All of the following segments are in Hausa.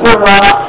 kuma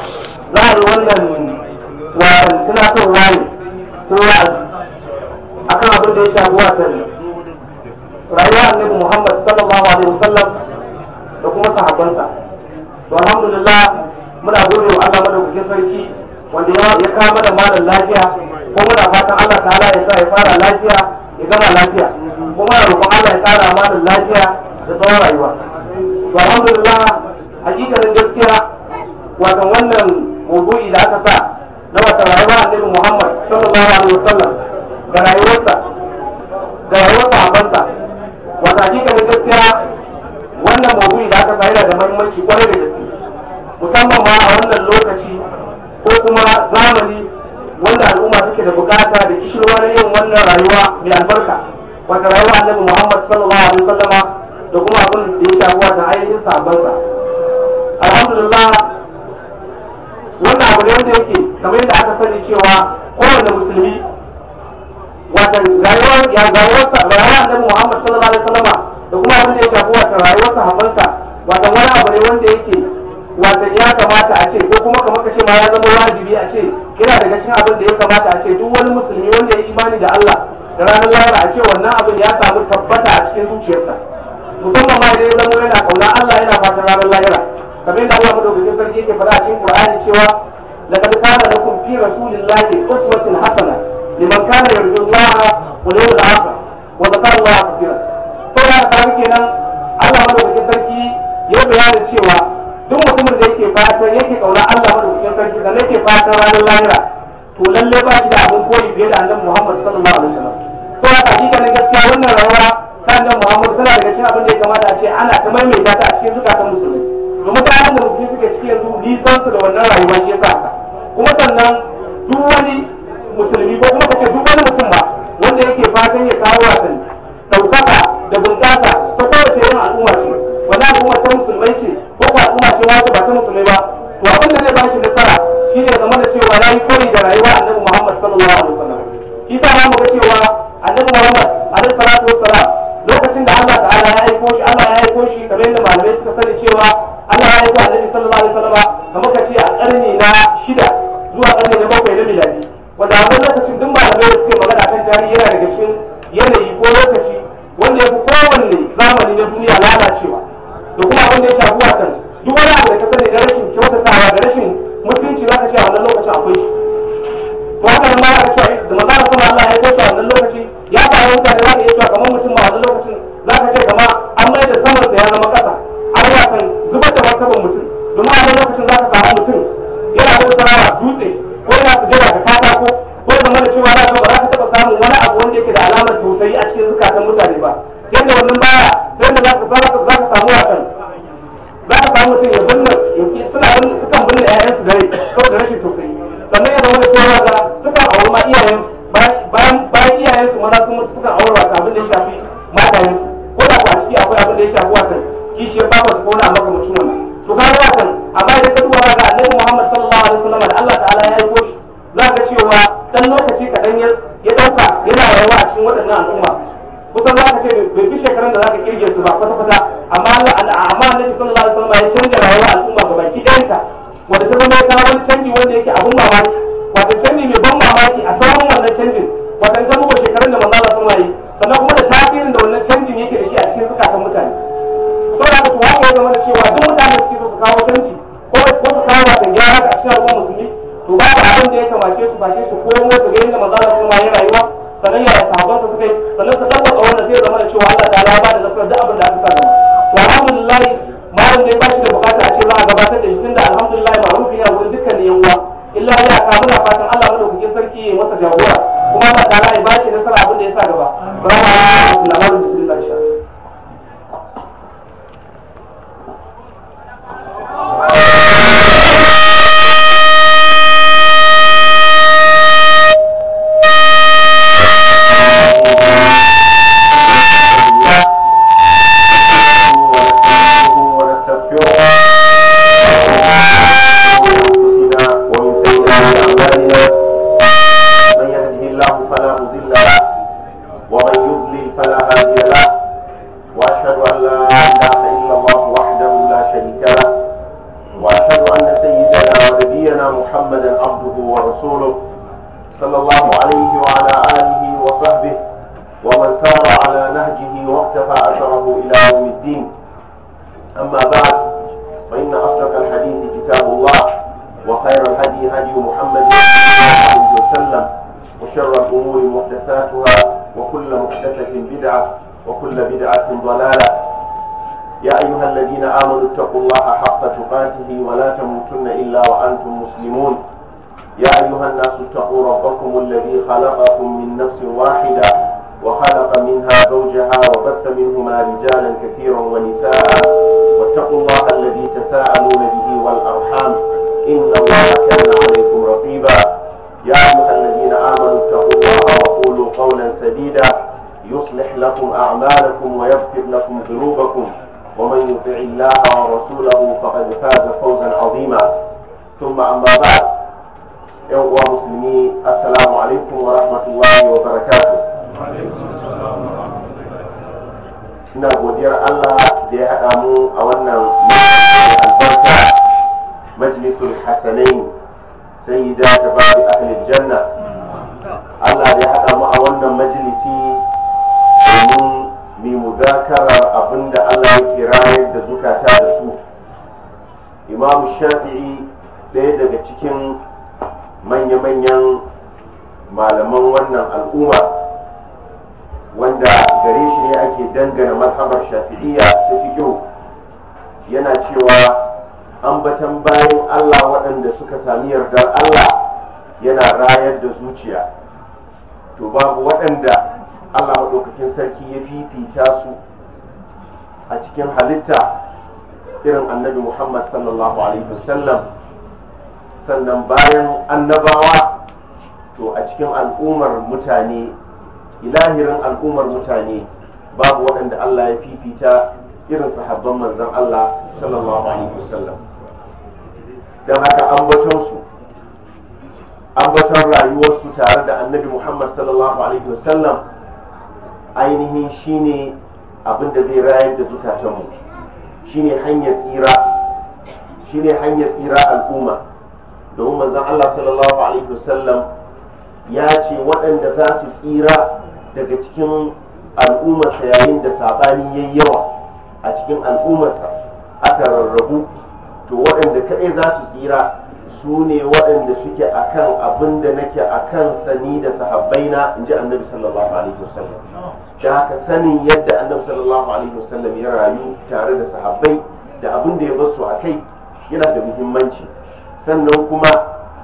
أنفسكم ومن يطع الله ورسوله فقد فاز فوزا عظيما ثم أما بعد يا مسلمي السلام عليكم ورحمة الله وبركاته ina godiyar Allah da ya haɗa mu a wannan albarka majalisul hasanain ba tabari ahlil janna Allah da ya haɗa mu a wannan majalisi domin mai mudakarar abinda allah ya rayar da zukata da su imam shafi'i ɗaya daga cikin manya-manyan malaman wannan al'umma wanda gare shi ne ake dangana mazhabar shafi'iyya ta kyau, yana cewa an ambatan bayan Allah waɗanda suka sami yardar Allah yana rayar da zuciya to babu waɗanda allah maɗaukacin sarki ya fifita su a cikin halitta irin annabi muhammad sallallahu alaihi wasallam sannan bayan annabawa to a cikin al'ummar mutane ilahirin al'ummar mutane babu waɗanda allah ya fifita irin sahabban manzan allah sallallahu alaihi wasallam don haka ambatonsu ambaton rayuwarsu tare da annabi muhammad sallallahu alaihi wasallam ainihin shine abin da zai rayar da zukatanmu shine hanyar tsira shine hanyar tsira al'umma domin manzon Allah sallallahu alaihi wasallam ya ce waɗanda za su tsira daga cikin al'ummarsa yayin da sabani yayi yawa a cikin al'ummarsa aka rarrabu to waɗanda kaɗai za su tsira su ne waɗanda suke akan abin da nake a kan sani da sahabbaina in ji annabi sallallahu alaihi wasallam da haka sanin yadda annabi sallallahu alaihi wasallam ya rayu tare da sahabbai da abin da ya basu a kai yana da muhimmanci sannan kuma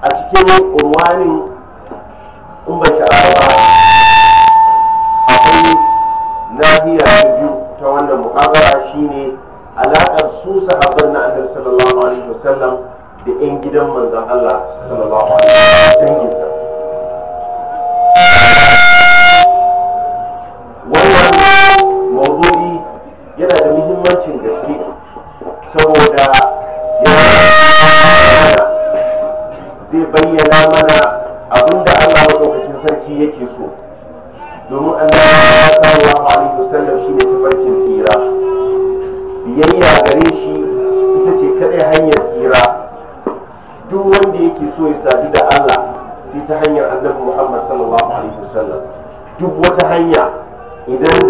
a cikin urwanin in ba sha'awa akwai nahiya ta biyu ta wannan muƙabara shine alaƙar su sahabban na annabi sallallahu alaihi wasallam da 'yan gidan manzan Allah sallallahu alaihi wa sallam wannan yana da muhimmancin gaske saboda zai bayyana mana abinda Allah maɗaukacin sarki yake so domin annabi annabi muhammad sallallahu alaihi wasallam duk wata hanya idan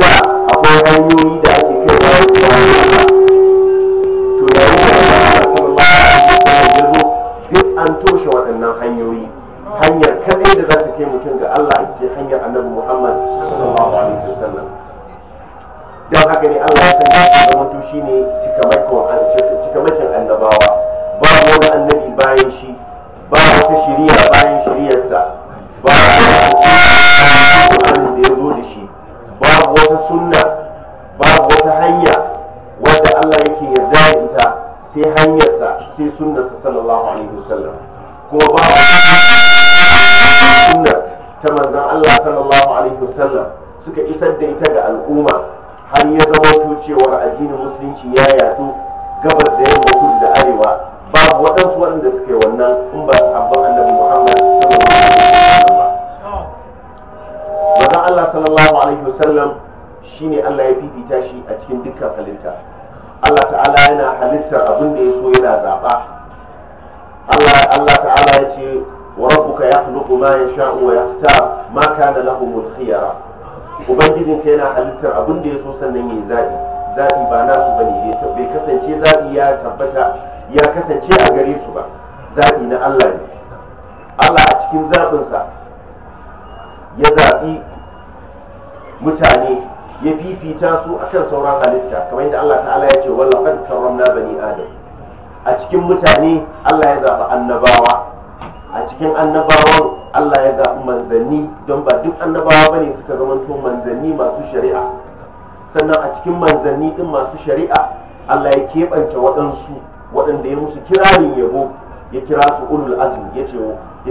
cikin manzanni din masu shari'a Allah ya keɓance waɗansu waɗanda ya musu kirarin yabo ya kira su ulul azmi ya ce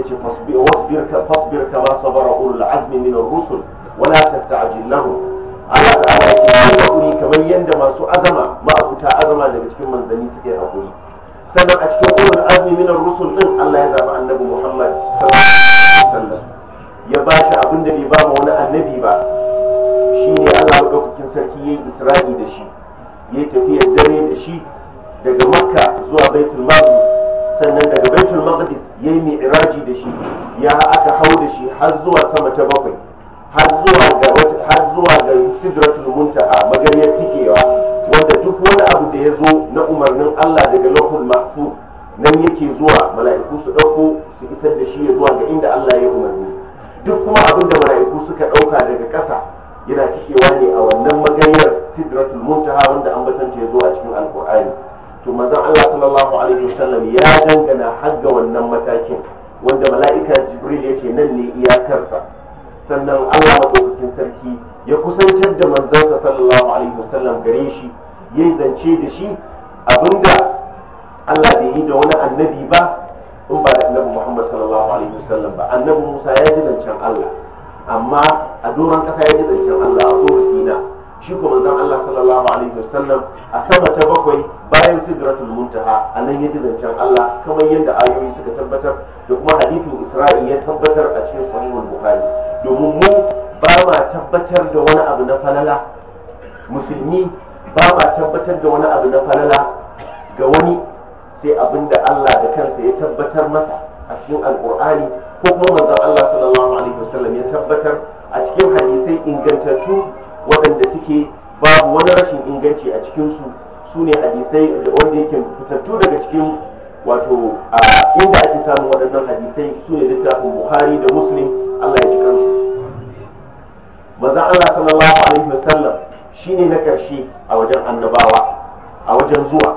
ya ce fasbir ka fasbir ka ma sabara ulul azmi min ar-rusul wala tasta'jil lahum Allah ta'ala ya ce hakuri kamar yadda masu azama ma'abuta azama daga cikin manzanni suke hakuri sannan a cikin ulul azmi min ar-rusul din Allah ya zaba annabi Muhammad sallallahu alaihi wasallam ya ba shi abin bai ba wani annabi ba shine Allah ya sarki ya yi isra'i da shi ya yi tafiyar dare da shi daga makka zuwa baitul maqdis sannan daga baitul maqdis ya yi mi'raji da shi ya aka hau da shi har zuwa sama ta bakwai har zuwa ga har zuwa ga sidratul muntaha magariyar tikewa wanda duk wani abu da ya zo na umarnin Allah daga lokul mafu nan yake zuwa mala'iku su dauko su isar da shi ya zuwa ga inda Allah ya umarni duk kuma abin da mala'iku suka dauka daga ƙasa yana cikewa ne a wannan magayar sidratul muntaha wanda an batanta ya zo a cikin alkur'ani to manzon Allah sallallahu alaihi wasallam ya dangana har ga wannan matakin wanda mala'ika jibril ya ce nan ne iyakarsa sannan Allah madaukakin sarki ya kusantar da manzansa sallallahu alaihi wasallam gare shi ya zance da shi abinda Allah bai yi da wani annabi ba in ba da annabi Muhammad sallallahu alaihi wasallam ba annabi Musa ya ji zancen Allah amma a doron kasa ya ji zancen Allah a kuma sina shi ko manzon Allah sallallahu alaihi wasallam a sama ta bakwai bayan sidratul muntaha a nan ya ji zancen Allah kamar yadda ayoyi suka tabbatar da kuma hadithu Isra'i ya tabbatar a cikin sahihul bukhari domin mu ba ma tabbatar da wani abu na falala musulmi ba ma tabbatar da wani abu na falala ga wani sai abin da Allah da kansa ya tabbatar masa a cikin alkur'ani ko kuma manzon Allah sallallahu alaihi wasallam ya tabbatar a cikin hadisai ingantattu waɗanda suke babu wani rashin inganci a cikinsu su ne hadisai wanda yake fitattu daga cikin wato a inda ake samun waɗannan hadisai su ne littafin buhari da muslim allah ya ji kansu maza allah sallallahu alaihi wasallam shine na ƙarshe a wajen annabawa a wajen zuwa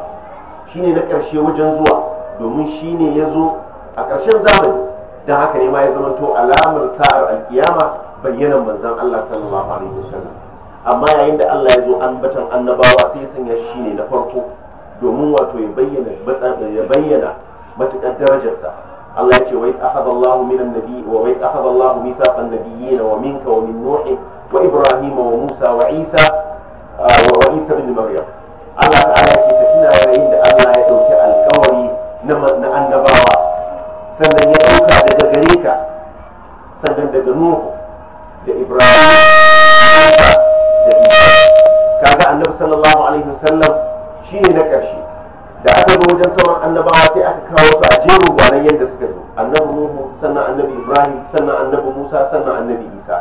shine na ƙarshe wajen zuwa domin shi ne ya zo a ƙarshen zamani don haka ne ma ya zama to alamar sa'ar alkiyama bayyanan manzon Allah sallallahu alaihi wasallam amma yayin da Allah ya zo ambatan annabawa sai sanya shi ne na farko domin wato ya bayyana ya bayyana matukar darajarsa Allah ya ce wa akhadha Allahu minan nabi wa wa akhadha Allahu mithaqan nabiyyin wa minka wa min nuh wa ibrahim wa musa wa isa uh, wa isa ibn maryam Allah ta'ala ya ce ta tuna yayin da Allah ya dauki alkawari na annabawa sannan ya dauka daga gare ka sannan daga nuhu da ibrahim da isa kaga annabi sallallahu alaihi wasallam shi ne na ƙarshe da aka zo wajen sauran annabawa sai aka kawo su a jerin gwanan yadda suka zo annabi nuhu sannan annabi ibrahim sannan annabi musa sannan annabi isa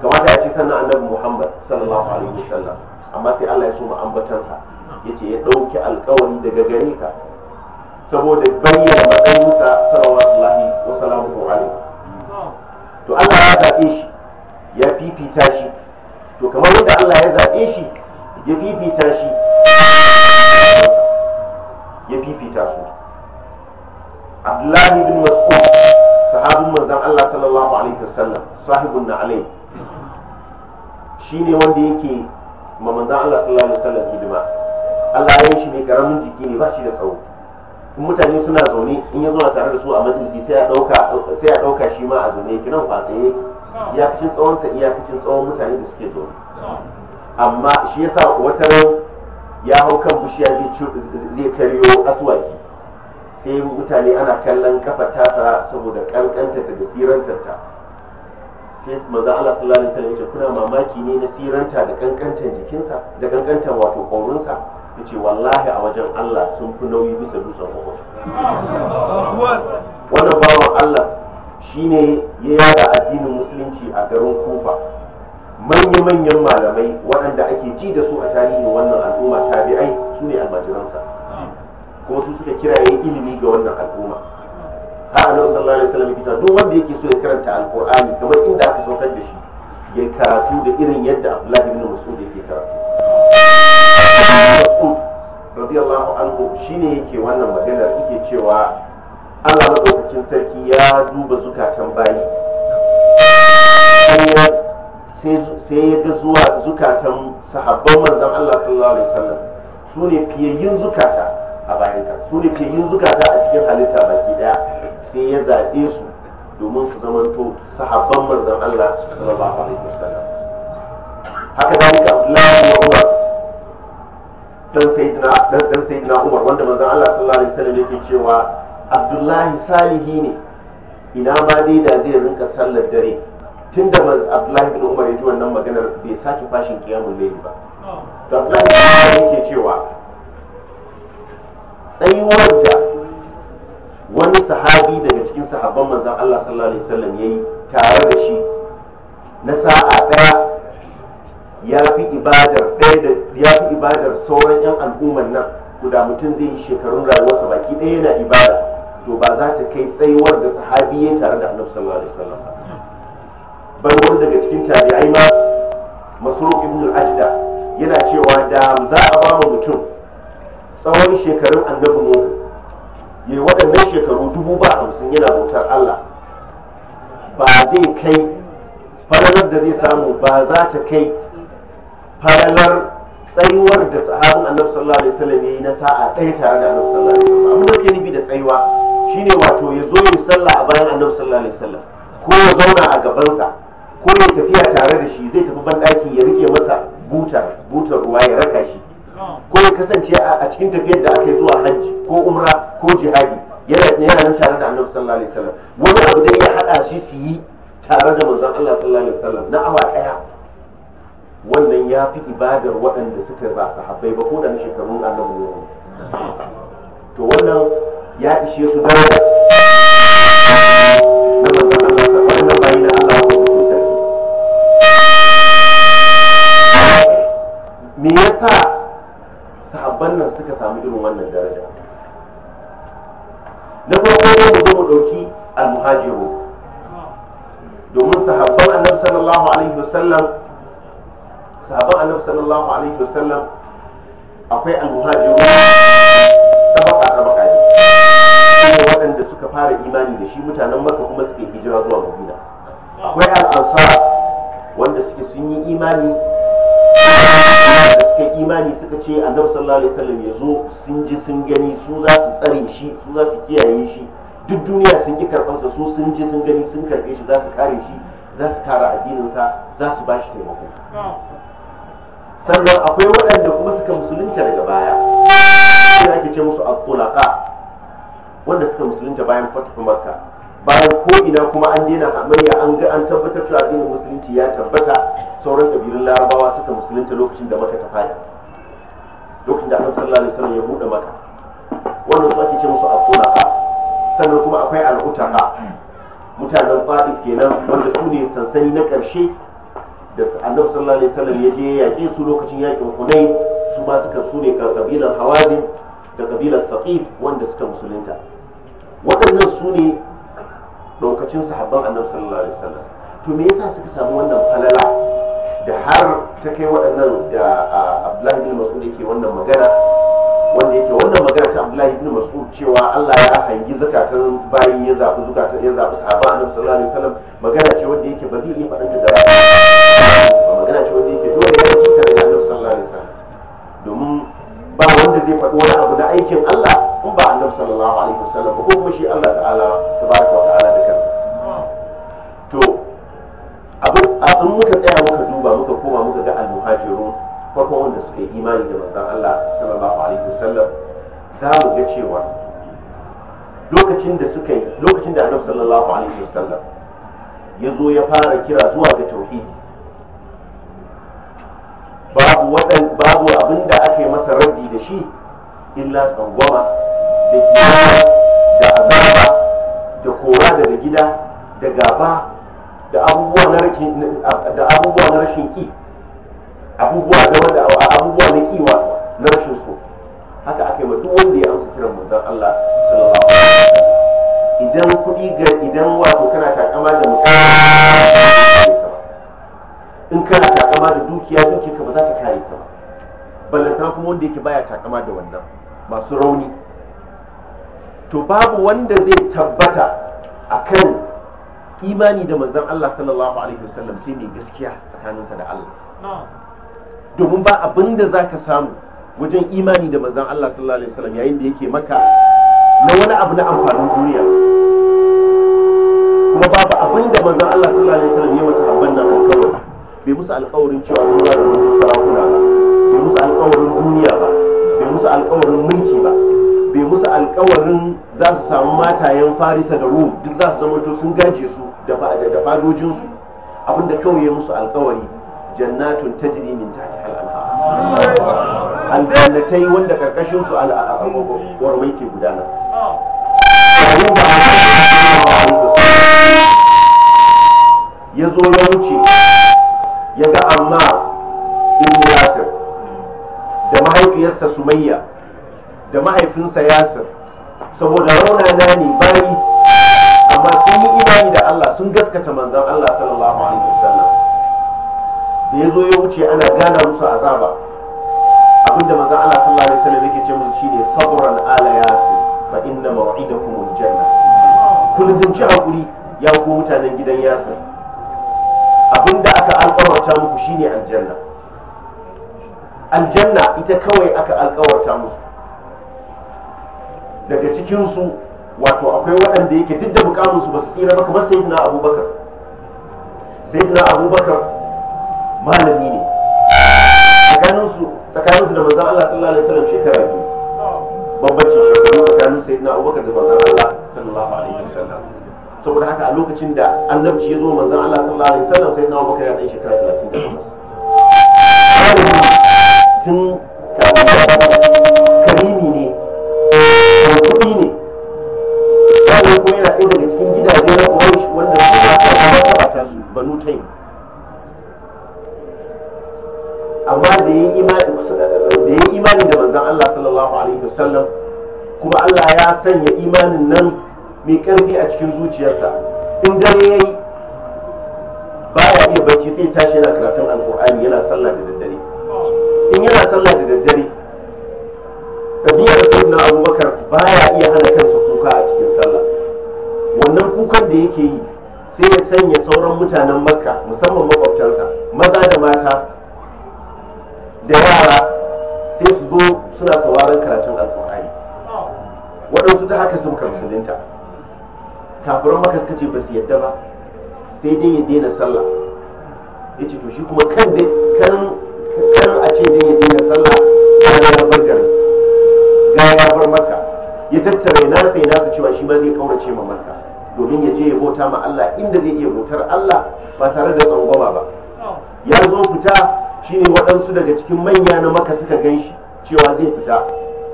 kamata a ce sannan annabi muhammad sallallahu alaihi wasallam amma sai allah ya so ambatansa ya ce ya ɗauki alkawari daga gare ka saboda bayyana matsayinsa sallallahu alaihi wasallam to allah ya zaɓe shi ya fifita shi to kamar yadda Allah ya zaɓe shi ya fifita shi ya fifita su Abdullahi bin Mas'ud sahabin manzon Allah sallallahu alaihi wasallam sahibun na alai shine wanda yake ma manzon Allah sallallahu alaihi wasallam hidima Allah ya yi shi ne karamin jiki ne ba shi da tsawo in mutane suna zaune in ya zo tare da su a majalisi sai a ɗauka shi ma a zaune kinan fatsaye iyakacin tsawonsa iyakacin tsawon mutane da suke zo amma shi ya sa wata rau ya hau kan bishiya zai karyo asuwaki sai mutane ana kallon kafa tasa saboda kankanta da ta sai maza Allah sallallahu alaihi wasallam kuna mamaki ne na siranta da kankantan jikinsa da kankantan wato ƙaurinsa yace wallahi a wajen Allah sun fi nauyi bisa dutsen Uhud wannan bawan Allah shine ya yada addinin musulunci a garin kufa manya-manyan malamai waɗanda ake ji da su a tarihin wannan al'umma tabi'ai su ne almajiransa kuma su suka yin ilimi ga wannan al'umma har nan sallallahu alaihi wasallam yake duk wanda yake so ya karanta alqur'ani kamar inda aka saukar da shi ya karatu da irin yadda abdullahi ibn mas'ud yake karatu radiyallahu anhu shine yake wannan maganar yake cewa Allah maɗaukacin sarki ya duba zukatan bayi sai ya ga zuwa zukatan sahabban manzan Allah sallallahu alaihi wasallam su ne fiyayyin zukata a bayanta su ne fiyayyin zukata a cikin halitta baki daya sai ya zaɓe su domin su zamanto sahabban manzan Allah sallallahu alaihi wasallam haka da dalika Abdullahi wa Umar dan sayyidina dan sayyidina Umar wanda manzan Allah sallallahu alaihi wasallam yake cewa abdullahi salihi ne ina ma dai da zai rinka sallar dare tun da abdullahi bin umar ya ji wannan maganar bai sake fashin kiyamun laili ba to abdullahi yake cewa tsayuwar da wani sahabi daga cikin sahabban manzan allah sallallahu alaihi wasallam ya tare da shi na sa'a ɗaya ya fi ibadar ɗaya da ya fi ibadar sauran 'yan al'ummar nan guda mutum zai yi shekarun rayuwarsa baki ɗaya yana ibada to ba za ta kai tsayuwar da sahabi ya tare da annabi sallallahu alaihi wasallam bar wani daga cikin tabi'ai ma masruq ibn al-ajda yana cewa da za a ba mu mutum tsawon shekarun annabi mu ya waɗannan shekaru dubu ba hamsin yana bautar Allah ba zai kai farar da zai samu ba za ta kai farar. tsayuwar da sahabin annabi sallallahu alaihi wasallam yayi na sa'a ɗaya tare da annabi sallallahu alaihi wasallam abin da ke nufi da tsayuwa shine wato ya zo ya sallah a bayan annabi sallallahu alaihi wasallam ko ya zauna a gabansa ko ya tafiya tare da shi zai tafi banɗaki ya rike masa butar butar ruwa ya raka shi ko ya kasance a cikin tafiyar da aka yi zuwa hajji ko umra ko jihadi yana nan tare da annabi sallallahu alaihi wasallam wani abu da ya haɗa shi su yi tare da manzon Allah sallallahu alaihi wasallam na awa ɗaya wannan ya fi ibadar waɗanda suka ba sahabbai ba ko da na shekarun annabi ne to wannan ya ishe su da na manzon Allah sallallahu Allah ko me yasa sahabban nan suka samu irin wannan daraja na farko ne mu zo mu dauki al-muhajiru domin sahabban annabi sallallahu alaihi wasallam sahabban annabi sallallahu alaihi wasallam akwai almuhajiru tabaka tabaka ne kuma waɗanda suka fara imani da shi mutanen maka kuma suke hijira zuwa madina akwai al'ansar wanda suke sun yi imani da suka imani suka ce annabi sallallahu alaihi wasallam ya zo sun ji sun gani su za su tsare shi su za su kiyaye shi duk duniya sun ki karɓarsa su sun ji sun gani sun karɓe shi za su kare shi za su kare addininsa za su ba shi taimako sannan akwai waɗanda kuma suka musulunta daga baya sai ake ce musu abdulaka wanda suka musulunta bayan fatafi makka bayan ko ina kuma an daina hamayya an ga an tabbatar cewa addinin musulunci ya tabbata sauran kabilun larabawa suka musulunta lokacin da maka ta fadi lokacin da annabi sallallahu alaihi wasallam ya buɗe maka wannan su ake ce musu abdulaka sannan kuma akwai al'utaka mutanen fadi kenan wanda su ne sansani na ƙarshe da annabi sallallahu alaihi wasallam ya je yaƙi su lokacin yaƙin hunai su ma suka su ne kabilar hawazin da kabilar saqif wanda suka musulunta waɗannan su ne lokacin sahabban annabi sallallahu alaihi wasallam to me yasa suka samu wannan falala da har ta kai waɗannan da Abdullahi bin Mas'ud yake wannan magana wanda yake wannan magana ta Abdullahi ibn Mas'ud cewa Allah ya hangi zakatan bayi ya zabi zakatan ya zabi sahaba Annabi sallallahu alaihi wasallam magana ce wanda yake ba zai iya faɗanta da ba magana ce wanda yake dole ya ci tare da annabi sallallahu alaihi wasallam domin ba wanda zai faɗi wani abu na aikin Allah in ba annabi sallallahu alaihi wasallam ba ko kuma shi Allah ta'ala tabaraka wa ta'ala da kansa to abin a in muka tsaya muka duba muka koma muka ga al-muhajirun farkon wanda suka yi imani da manzon Allah sallallahu alaihi wasallam za mu ga cewa lokacin da suka yi lokacin da annabi sallallahu alaihi wasallam ya zo ya fara kira zuwa ga tauhidi babu wadan babu abin da ake masa raddi da shi illa tsangwama da kiyaye da azaba da kora daga gida da gaba da abubuwa na rashin ki abubuwa da wanda abubuwa na kiwa na rashin so haka ake ma duk wanda ya amsa kiran manzon Allah sallallahu alaihi wasallam idan kuɗi ga idan wato kana takama da mutum in kana takama da dukiya dukiya ka ba za ta kare ka ba ballantana kuma wanda yake baya takama da wannan masu rauni to babu wanda zai tabbata akan imani da manzon Allah sallallahu alaihi wasallam sai mai gaskiya tsakaninsa da Allah domin ba abin da za ka samu wajen imani da manzon Allah sallallahu alaihi wasallam yayin da yake maka na wani abu na amfanin duniya kuma babu abin da manzon Allah sallallahu alaihi wasallam ya masa bai musu alkawarin cewa sun ba da wasu sarakuna ba bai musu alkawarin duniya ba bai musu alkawarin mulki ba bai musu alkawarin za su samu matayen farisa da rum duk za su zama to sun gaje su da fadojinsu abinda kawai ya musu alkawari jannatun tajri min tahti al-anhar yi wanda karkashin su mai ke gudana ya zo ya wuce ya ga amma ibn yasir da mahaifiyarsa sumayya da mahaifinsa yasir saboda raunana ne bayi amma sun yi imani da allah sun gaskata manzan allah sallallahu alaihi wasallam da ya zo ya wuce ana gana musu azaba abinda manzan allah sallallahu alaihi wasallam yake ce musu shine sabran ala yasir fa inna maw'idakum aljanna kullum ci hakuri ya ku mutanen gidan yasir abinda aka alƙawar alkawarta shine aljanna aljanna ita kawai aka alkawarta musu daga cikinsu wato akwai waɗanda yake duk da mukaminsu ba su tsira ba kamar sayyidina abubakar sayyidina abubakar malami ne tsakaninsu tsakaninsu da manzan allah sallallahu alaihi wasallam shekara biyu bambancin shekaru tsakanin sayyidina abubakar da manzan allah sallallahu alaihi wasallam saboda haka a lokacin da annabci ya zo manzan Allah sallallahu alaihi wasallam sai na Abubakar ya dan shekara 38 tun kafin karimi ne kuɗi ne wannan kuma yana ɗaya daga cikin gidaje na Quraysh wanda suka ta su banu ta yi. amma da ya yi imani da manzan Allah sallallahu alaihi wasallam kuma Allah ya sanya imanin nan mai karfi a cikin zuciyarsa in dare ya yi ba ya iya bacci sai tashi yana karatun alkur'ani yana sallah da daddare in yana sallah da daddare ɗabi'ar na abubakar ba ya iya hana kansa kuka a cikin sallah wannan kukan da yake yi sai ya sanya sauran mutanen makka musamman makwabtansa maza da mata da yara sai su zo suna sauraron karatun alkur'ani waɗansu ta haka sun musulunta kafiran maka suka ce ba su yadda ba sai dai ya daina sallah ya ce to shi kuma kan zai kan a ce dai ya daina sallah ya ya bar garin ga ya bar maka ya tattare na sai na su cewa shi ma zai kaurace ma maka domin ya je ya bauta ma Allah inda zai iya bautar Allah ba tare da tsangwama ba ya zo fita shine waɗansu daga cikin manya na maka suka gan shi cewa zai fita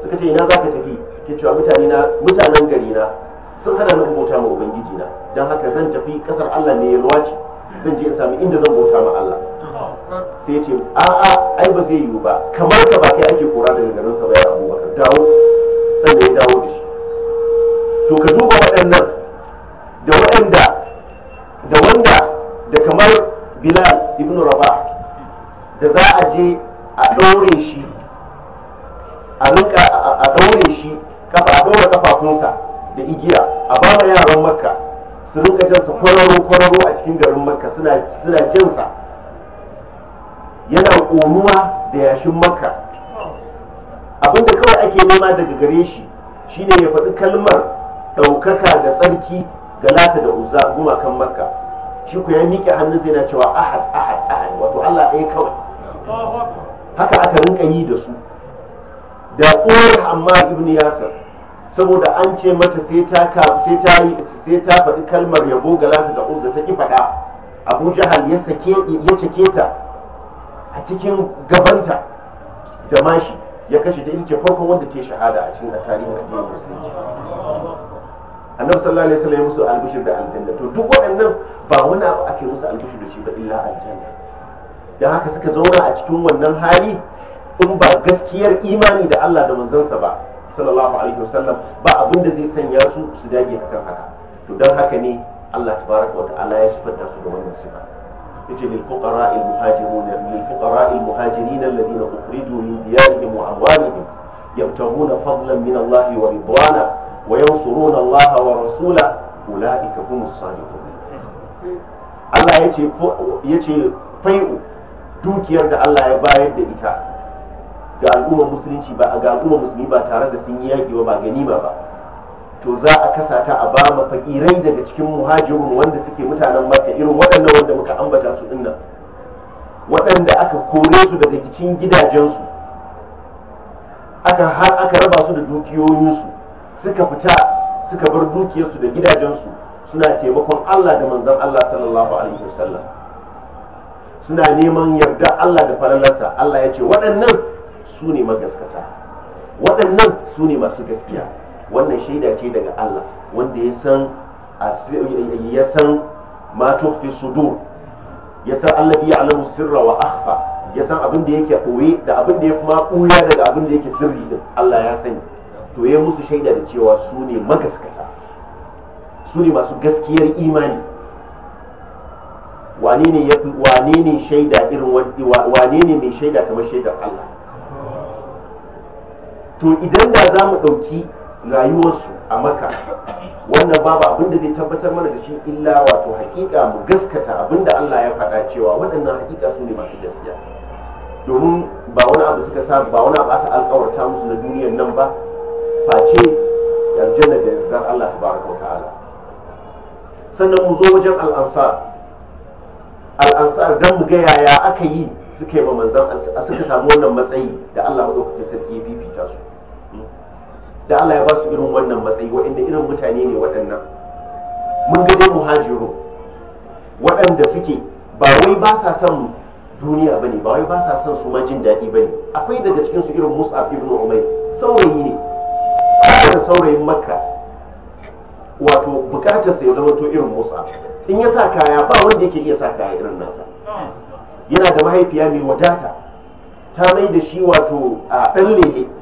suka ce ina za ka tafi ke cewa mutanen gari na sun hada min bauta ma ubangiji na dan haka zan tafi kasar Allah ne ya ruwaci zan je in sami inda zan bauta ma Allah sai ya ce a'a ai ba zai yiwu ba kamar ka ba kai ake kora daga garin sa ba ya Abubakar dawo sannan ya dawo da shi to ka duba waɗannan daga gare shi shine ya faɗi kalmar ɗaukaka da tsarki ga lata da uzza gumakan makka shi ku ya miƙe hannu zai na cewa ahad ahad ahad wato allah ɗaya kawai haka aka rinka yi da su da tsohon amma ibn yasir saboda an ce mata sai ta sai ta faɗi kalmar yabo galata da uzza ta ki faɗa abu jahal ya cike ta a cikin gabanta da mashi ya kashe ta ita ce farko wanda ta shahada a cikin tarihin addinin musulunci annabi sallallahu alaihi wasallam ya musu albishir da aljanna to duk waɗannan ba wani abu ake musu albishir da shi ba illa aljanna dan haka suka zauna a cikin wannan hali in ba gaskiyar imani da Allah da manzansa ba sallallahu alaihi wasallam ba abin da zai sanya su su dage akan haka to dan haka ne Allah tabaraka wa ta'ala ya sifanta su da wannan sifa yace lil fuqara al muhajirun lil fuqara al muhajirin alladhina ukhrijoo min diyarihim wa amwalihim yabtaghuna fadlan min Allah wa ridwana wa yansuruna Allah Allah fai'u dukiyar da Allah ya bayar da ita ga al'ummar musulunci ba ga al'ummar musulmi ba tare da sun yi yaƙi ba ba ganima ba to za a kasa ta a ba ma fakirai daga cikin muhajirun wanda suke mutanen maka irin waɗannan wanda muka ambata su dinnan waɗanda aka kore su daga cikin gidajensu aka har aka raba su da dukiyoyinsu suka fita suka bar dukiyarsu da gidajensu suna taimakon Allah da manzon Allah sallallahu alaihi wasallam suna neman yarda Allah da farallarsa Allah ya ce waɗannan su ne magaskata waɗannan su ne masu gaskiya wannan shaida ce daga Allah wanda ya san ya san ma tufi sudur ya san Allah ya alamu sirra wa akhfa ya san abin da yake koyi da abin da ya kuma kuya daga abin da yake sirri din Allah ya sani to ya musu shaida da cewa su ne magaskata su ne masu gaskiyar imani wane ne wane ne shaida irin wane ne mai shaida kamar shaidar Allah to idan da za mu ɗauki rayuwarsu a maka wannan babu abin da zai tabbatar mana da shi illa wato hakika mu gaskata abin da Allah ya faɗa cewa waɗannan hakika su ne masu gaskiya domin ba wani abu suka sa ba wani abu aka alƙawarta musu na duniyar nan ba face aljanna da yardar Allah tabaraka wa ta'ala sannan mu zo wajen al'ansar al'ansar don mu ga yaya aka yi suka yi ba manzan suka samu wannan matsayi da Allah maɗaukakin sarki ya fifita su da Allah ya ba su irin wannan matsayi waɗanda irin mutane ne waɗannan mun ga dai muhajiru waɗanda suke ba wai ba sa son duniya ba ne ba wai ba sa son su ma jin daɗi ba ne akwai daga cikin su irin Musa, ibn umay saurayi ne da saurayin makka wato sa ya zama to irin Musa, in ya sa kaya ba wanda yake iya sa kaya irin nasa yana da mahaifiya mai wadata ta mai da shi wato a ɗan lele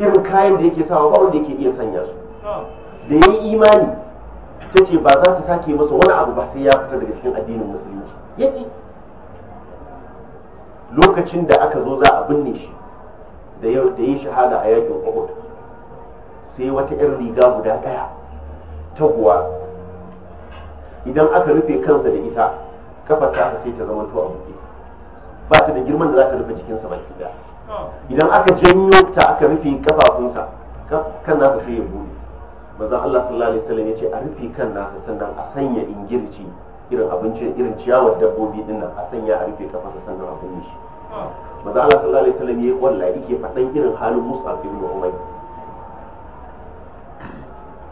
irin kayan da yake sawa ba wanda yake iya sanya su da ya yi imani ta ce ba za ta sake masa wani abu ba sai ya fita daga cikin addinin musulunci yake lokacin da aka zo za a binne shi da ya da yi shahada a yakin uhud sai wata 'yan riga guda ɗaya ta guwa idan aka rufe kansa da ita kafa ta sai ta zama to a buɗe ba ta da girman da za ta rufe jikinsa baki ɗaya idan aka janyo ta aka rufe kafafunsa kan nasa sai ya bude maza Allah sallallahu alaihi wasallam ya ce a rufe kan nasa sannan a sanya ingirci irin abinci irin ciyawar dabbobi din nan a sanya a rufe kafa sannan a kunne shi maza Allah sallallahu alaihi wasallam yayi wallahi yake faɗan irin halin Musa ibn Umayy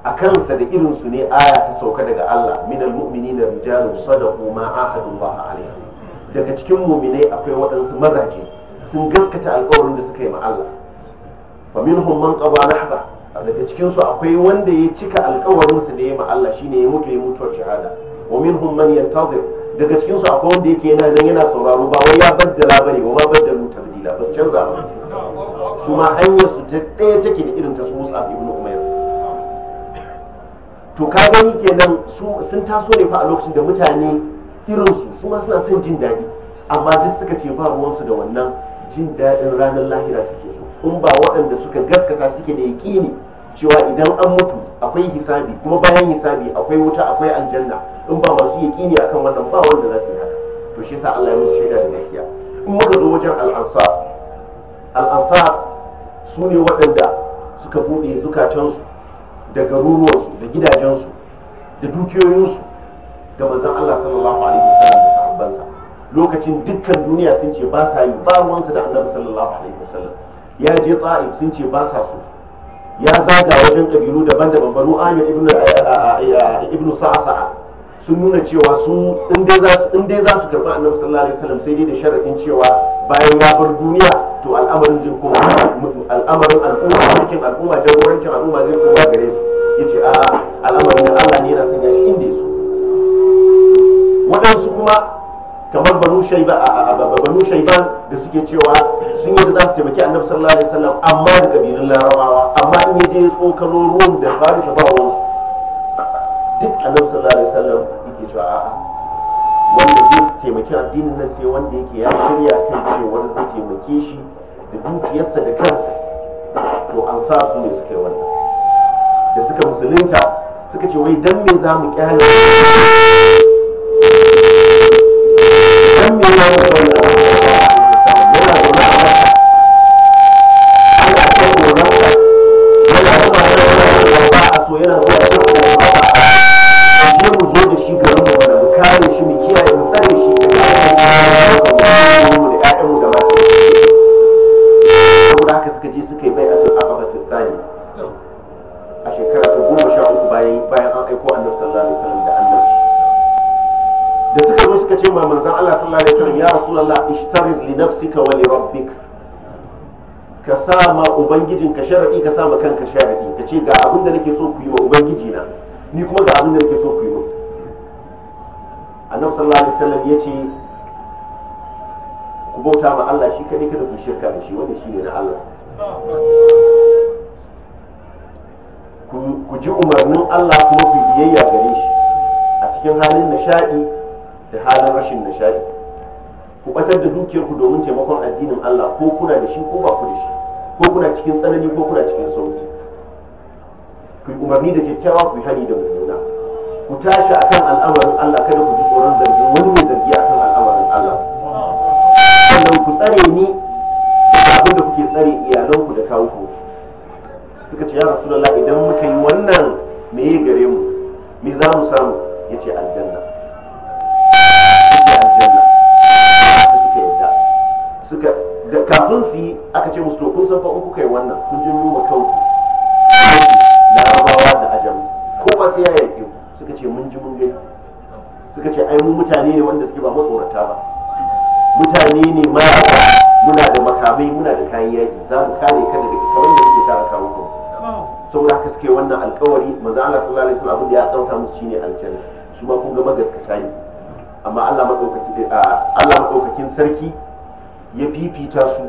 a kansa da irin su ne aya ta sauka daga Allah minal mu'minina rijalun sadaqu ma ahadu Allah alaihi daga cikin mu'minai akwai waɗansu mazaje sun gaskata alkawarin da suka yi ma Allah fa minhum man qada nahba daga cikin su akwai wanda ya cika alkawarin su da ya ma Allah shine ya mutu ya mutuwar shahada wa minhum man yantazir daga cikin su akwai wanda yake yana nan yana sauraro ba wai ya baddala bane ba ma baddalu tabdila ba canza ba su ma hanyar su ta ɗaya take da irin ta su Mus'ab ibn Umair to ka gani kenan su sun taso ne fa a lokacin da mutane irin su su ma suna son jin daɗi amma duk suka ce ba ruwansu da wannan jin daɗin ranar lahira suke so in ba waɗanda suka gaskata suke da yaƙini cewa idan an mutu akwai hisabi kuma bayan hisabi akwai wuta akwai aljanna in ba masu yaƙini akan wannan ba wanda za su yi haka to shi yasa Allah ya musu shaida da gaskiya in muka zo wajen al'ansar al'ansar su ne waɗanda suka buɗe zukatansu da garuruwansu da gidajensu da dukiyoyinsu da manzon Allah sallallahu alaihi wasallam da sahabbansa lokacin dukkan duniya sun ce ba sa yi ba ruwansu da annabi sallallahu alaihi wasallam ya je ta'if sun ce ba sa so ya zaga wajen kabilu daban-daban banu amir ibnu sa'asa'a sun nuna cewa su in dai za su karba annabi sallallahu alaihi wasallam sai dai da sharadin cewa bayan ya bar duniya to al'amarin jin kuma al'amarin al'umma cikin al'umma jagorancin al'umma zai kuma gare su yace a al'amarin Allah ne yana son ya shi inda ya so waɗansu kuma kamar banu shaiba shaiban da suke cewa sun yi da za su taimaki annabi sallallahu alaihi wasallam amma da kabilun larabawa amma in ya je tsokano ruwan da faru shi wa wasu, duk annabi sallallahu alaihi wasallam yake cewa a'a wanda zai taimaki addinin nan sai wanda yake ya shirya kan cewa zai taimake shi da dukiyarsa da kansa to an sa su ne suka yi wannan da suka musulunta suka ce wai dan me za mu kyale yang ubangijin ka sharadi ka sama kanka sharadi ka ce ga abin da nake so ku yi wa ubangiji na ni kuma ga abin da nake so ku yi annabi sallallahu alaihi wasallam ya ce ku bauta ma Allah shi kadai kada ku shirka da shi wanda shi ne na Allah ku ji umarnin Allah kuma ku biyayya gare shi a cikin halin nishadi da halin rashin nishadi ku batar da dukiyarku domin taimakon addinin Allah ko kuna da shi ko ba ku da shi ko kuna cikin tsanani ko kuna cikin sauki ku umarni da kyakkyawa ku hani da mummuna ku tashi akan al'amarin Allah kada ku ji tsoron zargi wani mai zargi akan al'amarin Allah sannan ku tsare ni abin da kuke tsare iyalanku da kawunku suka ce ya rasulullah idan muka yi wannan me ya gare mu me za mu samu ya ce aljanna kafin su yi aka ce musu to kun san fa in kuka yi wannan kun jin yuma kanku larabawa da ajam ko ba sai ya yake suka ce mun ji mun gai suka ce ai mu mutane ne wanda suke ba tsorata ba mutane ne ma muna da makamai muna da kayan yaki za mu kare ka daga kamar da suke kare kawo ku saboda haka suke wannan alkawari manzo Allah sallallahu alaihi wasallam da ya tsauta musu shine aljanna su ma kun ga magaskata ne amma Allah madaukakin eh, Allah madaukakin sarki ya fifita su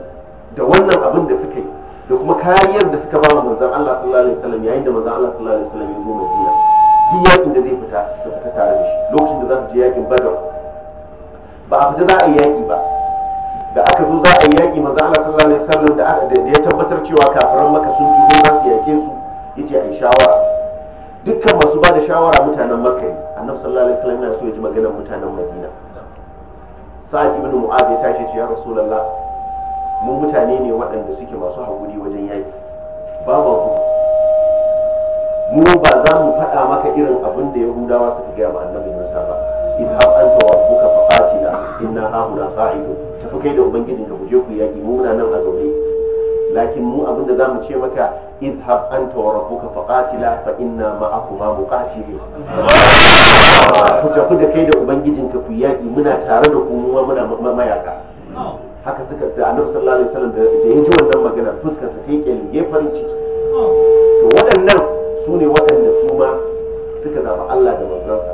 da wannan abin da suka yi da kuma kariyar da suka ba manzon Allah sallallahu alaihi wasallam yayin da manzon Allah sallallahu alaihi wasallam ya zo Madina duk yakin da zai fita su fita tare da shi lokacin da za su je yakin Badr ba a fita za a yi yaki ba da aka zo za a yi yaki manzon Allah sallallahu alaihi wasallam da ya tabbatar cewa kafiran Makka sun tuzo za su yake su yace a yi shawara dukkan masu ba da shawara mutanen Makka ne annabi sallallahu alaihi wasallam yana so ya ji maganar mutanen Madina sa'ad ibn mu'az ya tashi ya rasulullah mun mutane ne waɗanda suke masu haƙuri wajen yaki ba ba mu ba za mu faɗa maka irin abin da yahudawa suka gaya ma annabi musa ba idhab anta wa rabbuka fa qatila inna hahuna qa'idun tafi kai da ubangijinka ku je ku yaki mu muna nan a zaune lakin mu abin da zamu ce maka idhab anta wa rabbuka faqatila fa inna ma'akuma muqatilun ku tafi da kai da ubangijinka ku yaki muna tare da ku mu muna mayaka haka suka da annabi sallallahu alaihi wasallam da ya ji wannan magana fuskar sa kai kyalli ya farin ciki to waɗannan su ne waɗanda su ma suka zaba Allah da manzansa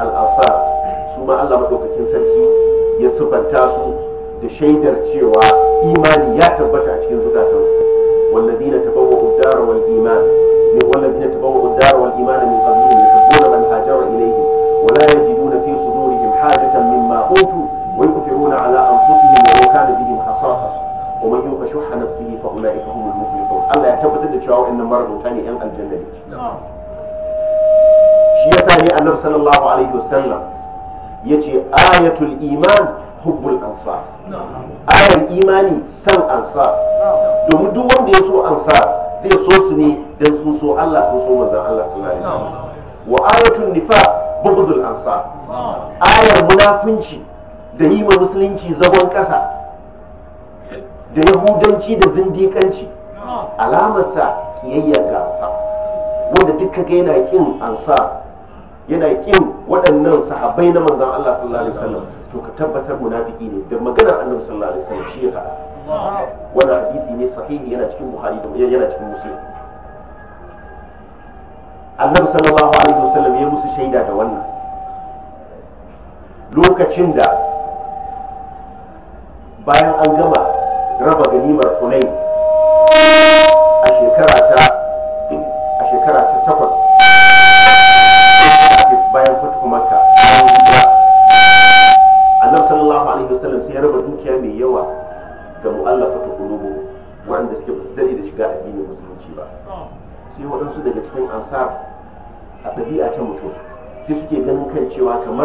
al'asa su ma Allah madaukakin sarki ya sufanta su da shaidar cewa ياتر بشع tabbata a والذين تبوؤوا الدار والإيمان والذين تبوؤوا الدار والإيمان من قبلهم يحبون من هاجر إليهم ولا يجدون في صدورهم حاجة مما أوتوا ويؤثرون على أنفسهم ولو كان بهم خصاصة ومن يوق شح نفسه فأولئك هم المفلحون الله يعتبر يعتقد تشاو إن مرض ثاني أن الجنة نعم شيء ثاني النبي صلى الله عليه وسلم يجي آية الإيمان hubbul ansa, ayar imani san ansa, domin duk wanda ya so ansa, zai so su ne don sun so Allah sun so mazan Allah su alaihi wa ayatun nifa bughdul ansa ayar munafunci da yi ma musulunci zagon kasa da yahudanci da zindikanci alamarsa kiyayya ga ansa. wanda duk kaga yana kin ansa, yana kin waɗannan sahabai na manzan Allah sallallahu alaihi wasallam to ka tabbatar munafiki ne da maganar annabi sallallahu alaihi wasallam shi ya faɗa wannan hadisi ne sahihi yana cikin buhari da yana cikin muslim annabi sallallahu alaihi wasallam ya musu shaida da wannan lokacin da bayan an gama raba ganimar kunai a shekara ta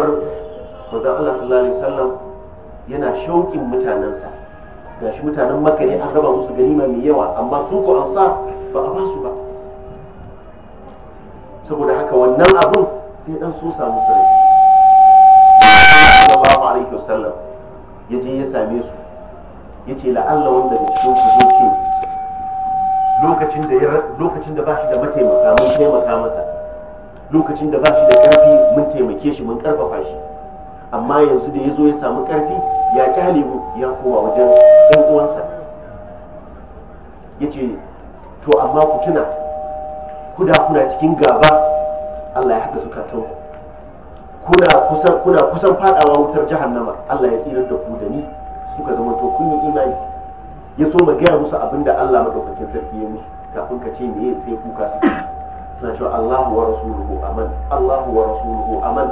kamar manzon Allah sallallahu alaihi wasallam yana shauƙin mutanensa gashi mutanen makka ne an raba musu ganima mai yawa amma su ko an sa ba a ba su ba saboda haka wannan abun sai dan so samu sarki sallallahu alaihi wasallam ya je ya same su ya ce la'alla wanda da cikin su zo ke lokacin da ba shi da mataimaka mun taimaka masa lokacin da ba shi da ƙarfi mun taimake shi mun ƙarfafa shi amma yanzu da ya zo ya samu ƙarfi ya kyale mu ya koma wajen ɗan uwansa ya ce to amma ku tuna kuda kuna cikin gaba Allah ya haɗa zukatan kuna kusan kuna kusan faɗawa wutar jahannama Allah ya tsira da ku da ni suka zama to kun yi imani ya so mu gaya musu abinda da Allah madaukakin sarki ya musu kafin ka ce me sai kuka suke suna cewa Allahu wa rasuluhu aman Allahu wa rasuluhu aman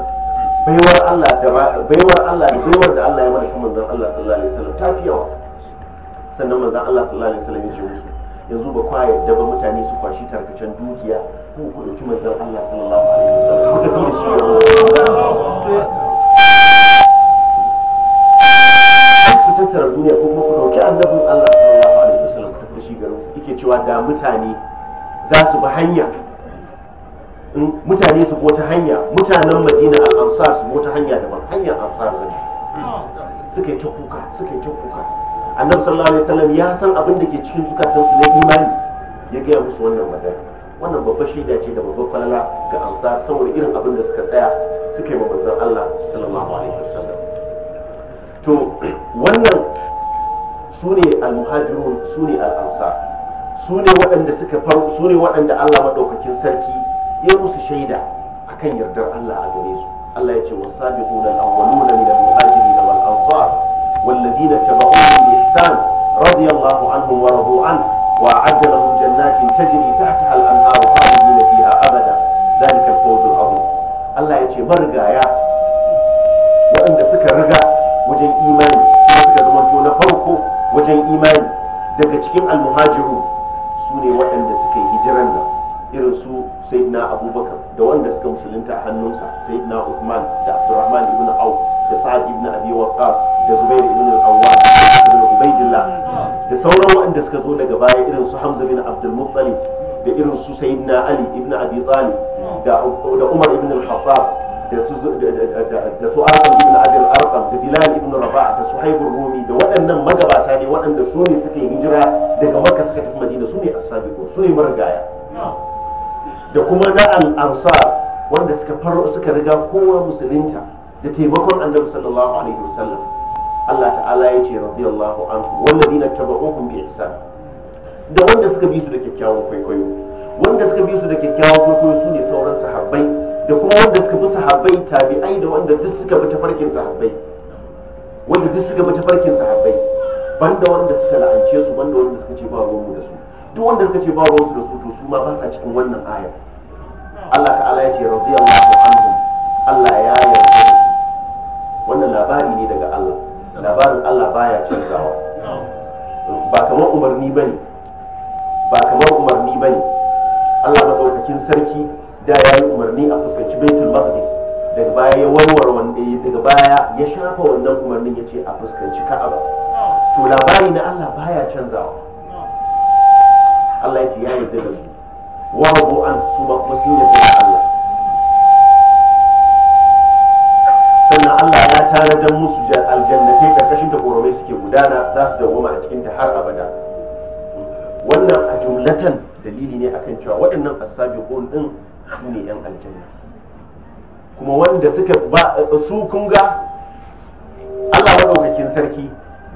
baiwar Allah da baiwar Allah da baiwar da Allah ya mana kan manzon Allah sallallahu alaihi wasallam ta fi yawa sannan manzon Allah sallallahu alaihi wasallam ya ce musu yanzu ba kwa yadda ba mutane su kwashi tarkacen dukiya ko ku dauki manzon Allah sallallahu alaihi wasallam ku tafi da shi ku tattara duniya ko kuma ku dauki annabin Allah sallallahu alaihi wasallam ku tafi shi garin yake cewa da mutane za su bi hanya mutane su wata hanya mutanen madina al'amsar su wata hanya daban hanyar amsar zane suka yi ta kuka suka yi ta kuka annabi sallallahu alaihi wasallam ya san abin da ke cikin zukatan su na imani ya gaya musu wannan magana wannan babbar shaida ce da babbar falala ga ansar saboda irin abin da suka tsaya suka yi wa manzon Allah sallallahu alaihi wasallam to wannan sune al-muhajirun sune al-ansar sune waɗanda suka faru sune waɗanda Allah madaukakin sarki yi musu shaida a kan yardar Allah a gare su Allah ya ce wasa bi hudan awwaluna min al-muhajiri da wal-ansar wallazina tabi'uhum bi ihsan radiyallahu anhum wa radu an wa ajjalahum jannatin tajri tahta al-anhar abada dalika al-fawz al-azim Allah ya ce marigaya waɗanda suka riga wajen imani suka zama na farko wajen imani daga cikin almuhajiru sune waɗanda suka yi hijiran nan irin su na abubakar da wanda suka musulunta a hannunsa na Usman, da abdurrahman ibn auf da sa'ad ibn abi waqqas da zubair ibn al-awwal da ubaydillah da sauran waɗanda suka zo daga baya irin su hamza bin abdul muttalib da irin su sayyidina ali ibn abi talib da umar ibn al-khattab da su arqam ibn adil arqam da bilal ibn rabah da suhaib rumi da waɗannan magabata ne waɗanda su ne suka yi hijira daga makka suka tafi madina su ne as-sabiqun su ne marigaya da kuma na al'ansar wanda suka faro suka riga kowa musulunta da taimakon annabi sallallahu alaihi wasallam Allah ta'ala ya ce radiyallahu anhu wanda walladina tabauhum bi ihsan da wanda suka bi su da kyakkyawan kwaikwayo wanda suka bi su da kyakkyawan kwaikwayo su ne sauran sahabbai da kuma wanda suka bi sahabbai tabi'ai da wanda duk suka bi tafarkin sahabbai wanda duk suka bi tafarkin sahabbai banda wanda suka la'ance su banda wanda suka ce ba ruwanmu da su duk wanda suka ce ba ruwan su da su to su ma ba sa cikin wannan ayar Allah ta'ala ya ce radiyallahu anhum Allah ya yarda da su wannan labari ne daga Allah labarin Allah baya canzawa ba kamar umarni bane ba kamar umarni bane Allah daukakin sarki da ya yi umarni a fuskanci baitul maqdis daga baya ya warware wanda ya daga baya ya shafa wannan umarnin ya ce a fuskanci ka'aba to labari na Allah baya canzawa Allah ya ce ya yarda da su wa an kuma shi ne da Allah sannan Allah ya tare da musu aljannatai karkashin da koromai suke gudana za su dawoma a ta har abada wannan a jumlatan dalili ne akan cewa waɗannan asabiqun din su ne yan aljanna kuma wanda suka ba su kunga Allah maɗaukakin sarki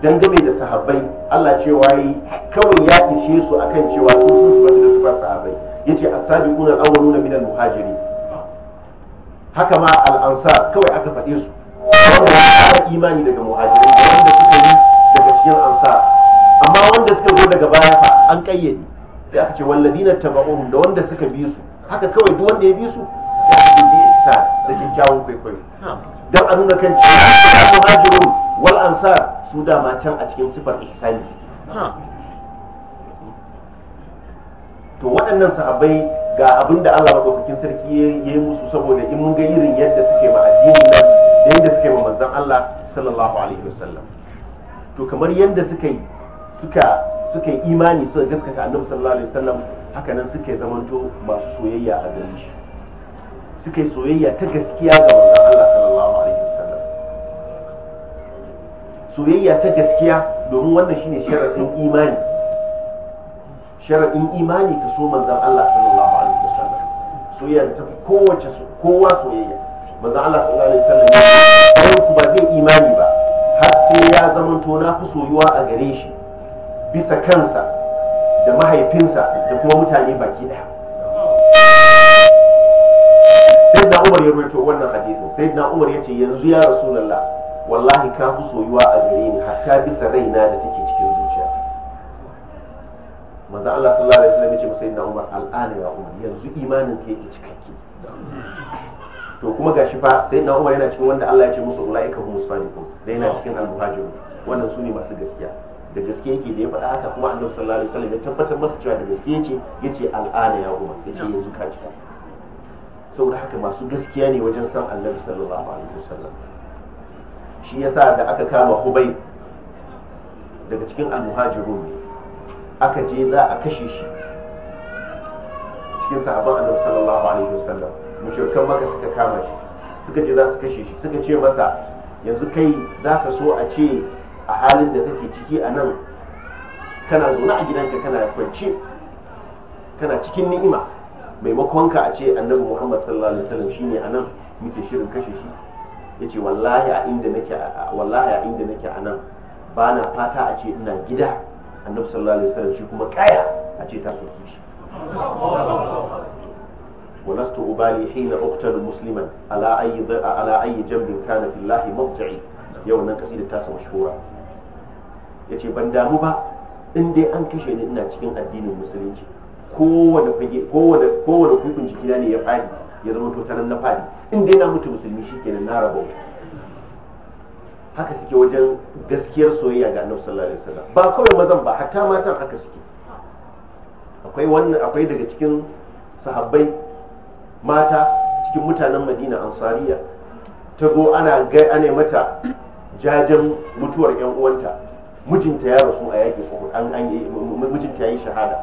dangane da sahabbai Allah cewa waye kawai ya ishe su akan cewa sun sun su da sufar sahabbai yace as-sabiqun al-awwaluna min al-muhajirin haka ma al kawai aka faɗi su wanda ya imani daga muhajirin da wanda suka yi daga cikin ansar amma wanda suka zo daga baya fa an kayyade sai aka ce walladina taba'uhum da wanda suka bi su haka kawai duk wanda ya bi su ya bi isa da kyakkyawan kwaikwayo dan a nuna kan cewa muhajirun wal ansar su dama can a cikin sifar ihsani to waɗannan sahabbai ga abin da Allah madaukakin sarki ya yi musu saboda in mun ga irin yadda suke ma addinin nan da yadda suke ma manzon Allah sallallahu alaihi wasallam to kamar yadda suka yi suka suka yi imani suka gaskata annabi sallallahu alaihi wasallam haka nan suka zamanto masu soyayya a gare shi suka yi soyayya ta gaskiya ga manzon Allah sallallahu alaihi wasallam soyayya ta gaskiya domin wannan shine sharaɗin imani sharaɗin imani ka so manzan Allah sallallahu alaihi wasallam soyayya ta kowace kowa soyayya manzan Allah sallallahu alaihi wasallam ya ku ba zai imani ba har sai ya to na fi soyuwa a gare shi bisa kansa da mahaifinsa da kuma mutane baki ɗaya. sai da umar ya rubuto wannan hadisin sai da umar ya ce yanzu ya rasulullah wallahi ka fi soyuwa a gare ni ka bisa raina da take cikin zuciya manzo Allah sallallahu alaihi wasallam ya ce masa umar al'ana ya umar yanzu imanin ka yake cikakke to kuma gashi fa sai na umar yana cikin wanda Allah ya ce musu ulaika hum sadiqun da yana cikin al-muhajirun wannan su ne masu gaskiya da gaske yake da ya faɗa haka kuma annabi sallallahu alaihi wasallam ya tabbatar masa cewa da gaske yake yace al'ana ya umar yace yanzu ka cika saboda haka masu gaskiya ne wajen san annabi sallallahu alaihi wasallam shi ya sa da aka kama hubai daga cikin ne aka je za a kashe shi cikin sahaban annabi sallallahu alaihi wasallam mushrikan maka suka kama shi suka je za su kashe shi suka ce masa yanzu kai za ka so a ce a halin da kake ciki a nan kana zaune a gidanka kana kwance kana cikin ni'ima maimakon ka a ce annabi muhammad sallallahu alaihi wasallam shine a nan muke shirin kashe shi yace wallahi a inda nake wallahi a inda nake anan ba na fata a ce ina gida annabi sallallahu alaihi wasallam shi kuma kaya a ce ta soke shi ولست أبالي حين أقتل مسلما ala أي على أي جنب كان في الله موضعي يوم أن ta sama shura. yace ban damu ba in dai an kashe ni ina cikin addinin musulunci kowane kowane kowane jikina ne ya fadi ya zama to ta nan na fari in dai mutu musulmi shikenan na rabo haka suke wajen gaskiyar soyayya ga annabi sallallahu alaihi wasallam ba kawai mazan ba hatta matan haka suke akwai wannan akwai daga cikin sahabbai mata cikin mutanen madina ansariya ta go ana ga ana mata jajen mutuwar yan uwanta mijinta ya rasu a yaƙi uhud an an mijinta yayi shahada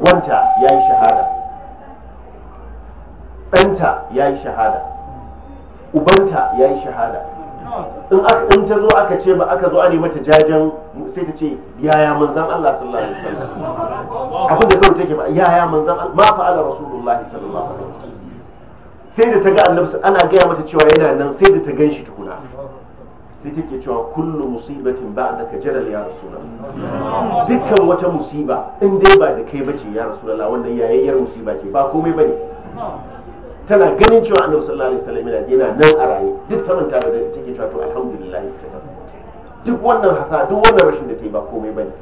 wanta yayi shahada ɗanta ya yi shahada ubanta ya yi shahada in ta zo aka ce ba aka zo a ta jajen sai ta ce yaya manzan Allah sallallahu alaihi wasallam Akwai da kawai take ba yaya manzan Allah ma fa'ala rasulullahi sallallahu alaihi wasallam sai da ta ga annabi ana gaya mata cewa yana nan sai da ta gan shi tukuna sai take cewa kullu musibatin ka jalal ya rasulullahi dukkan wata musiba in dai ba da kai bace ya rasulullahi wannan yayayyar musiba ce ba komai bane tana ganin cewa annabi sallallahu alaihi wasallam yana yana nan a raye duk ta manta da take cewa to alhamdulillah duk wannan hasa duk wannan rashin da ta ba komai bane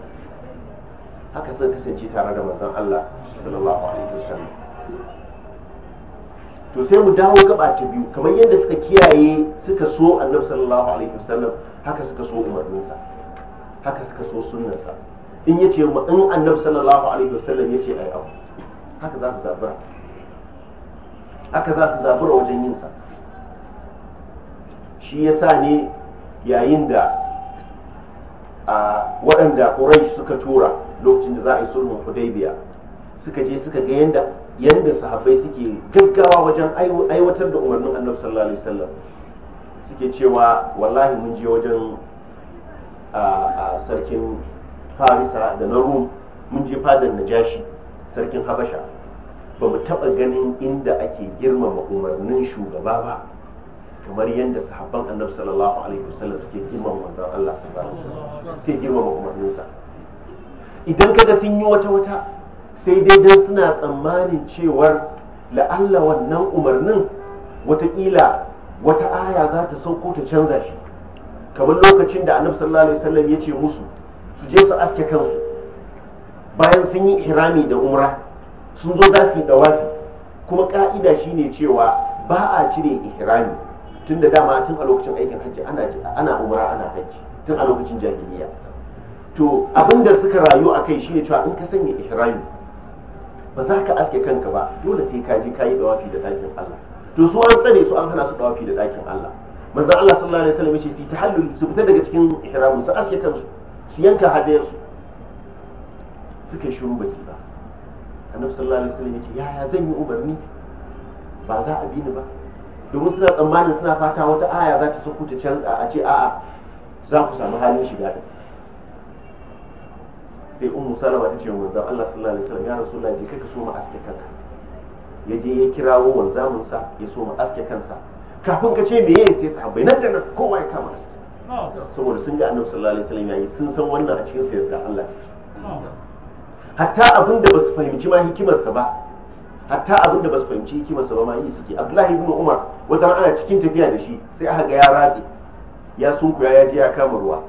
haka sun kasance tare da manzon Allah sallallahu alaihi wasallam to sai mu dawo gaba ta biyu kamar yadda suka kiyaye suka so annabi sallallahu alaihi wasallam haka suka so umarninsa haka suka so sunnarsa in yace in annabi sallallahu alaihi wasallam yace ai abu haka za su zabura haka za su zabura wajen yin sa shi ya sa ne yayin da a waɗanda quraish suka tura lokacin da za a yi sulhun hudaybiya suka je suka ga yanda yanda sahabbai suke gaggawa wajen aiwatar da umarnin annabi sallallahu alaihi wasallam suke cewa wallahi mun je wajen a sarkin farisa da na rum mun je fadar najashi sarkin habasha ba mu taɓa ganin inda ake girmama umarnin shugaba ba kamar yadda sahabban annabi sallallahu alaihi wasallam suke girmama manzon Allah sallallahu alaihi wasallam suke girmama umarninsa idan kada sun yi wata wata sai dai dan suna tsammanin cewar la'alla wannan umarnin watakila wata aya za ta sauko ta canza shi kamar lokacin da annabi sallallahu alaihi wasallam ya ce musu su je su aske kansu bayan sun yi ihrami da umra sun zo za su yi dawasi kuma ka'ida ne cewa ba a cire ihrami tun da dama tun a lokacin aikin hajji ana umara ana hajji tun a lokacin jahiliya to abin da suka rayu a kai shi ne cewa in ka sanya ihrami ba za ka aske kanka ba dole sai ka je ka yi dawafi da ɗakin Allah to su an tsare su an hana su dawafi da ɗakin Allah manzan Allah sallallahu alaihi wasallam yace su ta hallu su fita daga cikin ihrami su aske kansu su yanka hadayarsu su suka shiru ba su ba annabi sallallahu alaihi wasallam yace yaya zan yi umarni ba za a bi ni ba domin suna tsammanin suna fata wata aya za ta sauko ta canza a ce a'a za ku samu halin shiga din sai ummu salama ta ce manzon Allah sallallahu alaihi wasallam ya rasulullahi je kai ka so mu aske kanka ya je ya kirawo wanzamin sa ya so mu aske kansa kafin ka ce me meye sai sahabbai nan da nan kowa ya kama aske saboda sun ga annabi sallallahu alaihi wasallam yayi sun san wannan a cikin sa yadda Allah ta ce hatta abin da ba su fahimci ma hikimarsa ba hatta abin da ba su fahimci hikimarsa ba ma yi suke abdullahi ibn umar wata ana cikin tafiya da shi sai aka ga ya ratse ya sunkuya ya je ya kama ruwa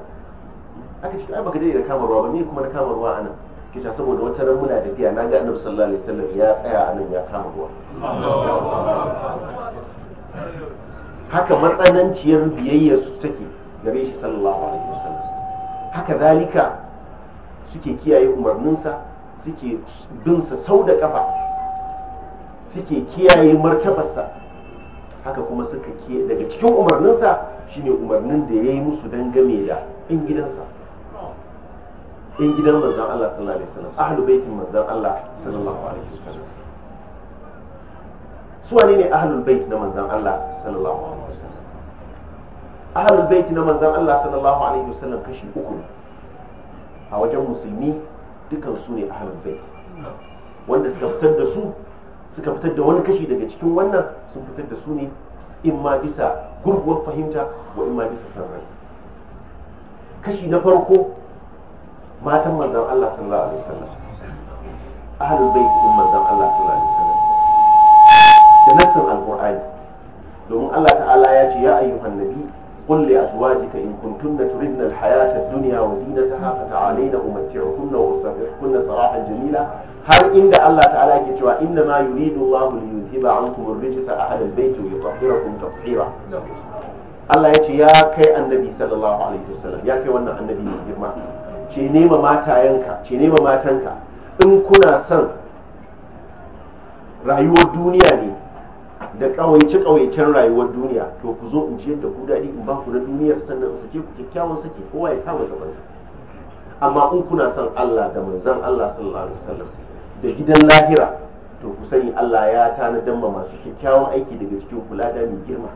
aka ce ai baka dai da kama ruwa ba ne kuma na kama ruwa anan Ke ta saboda wata ran muna tafiya na ga annabi sallallahu alaihi wasallam ya tsaya anan ya kama ruwa haka matsananciyar biyayya su take gare shi sallallahu alaihi wasallam haka zalika suke kiyaye umarninsa suke binsa sau da kafa suke kiyaye martabarsa haka kuma suka ke daga cikin umarninsa shine umarnin da ya yi musu dangame da in gidansa in gidan manzan Allah sallallahu alaihi wasallam baitin manzan Allah sallallahu alaihi wasallam su wane ne ahlul bait na manzan Allah sallallahu alaihi wasallam ahlul bait na manzan Allah sallallahu alaihi wasallam kashi uku a wajen musulmi dukan su ne ahlul bait wanda suka fitar da su suka fitar da wani kashi daga cikin wannan sun fitar da su ne in ma bisa gurguwar fahimta wa in ma bisa sarrai kashi na farko matan manzan Allah sallallahu alaihi wasallam ahlul bait din manzan Allah sallallahu alaihi wasallam da nassin alqur'ani domin Allah ta'ala ya ce ya ayyuhan nabi qul li azwajika in kuntunna turidna alhayata ad-dunya wa nasa ta'alai na umatti'ukunna wa usabbihukunna sarahan jamila har inda Allah ta'ala yake cewa inna ma yuridu Allahu li yuthiba ankum ar-rijsa ahla al-bayti wa yutahhirakum tathira Allah ya ce ya kai annabi sallallahu alaihi wasallam ya kai wannan annabi mai girma ce nema matayenka ce nema matanka in kuna son rayuwar duniya ne da kawaice kawaicen rayuwar duniya to ku zo in ji yadda ku daɗi in ba ku na duniyar sannan in sake ku kyakkyawan sake kowa ya kama gabansa amma in kuna son Allah da manzon Allah sallallahu alaihi wasallam da gidan lahira to ku sani Allah ya tana ma masu kyakkyawan aiki daga cikin kula da mai girma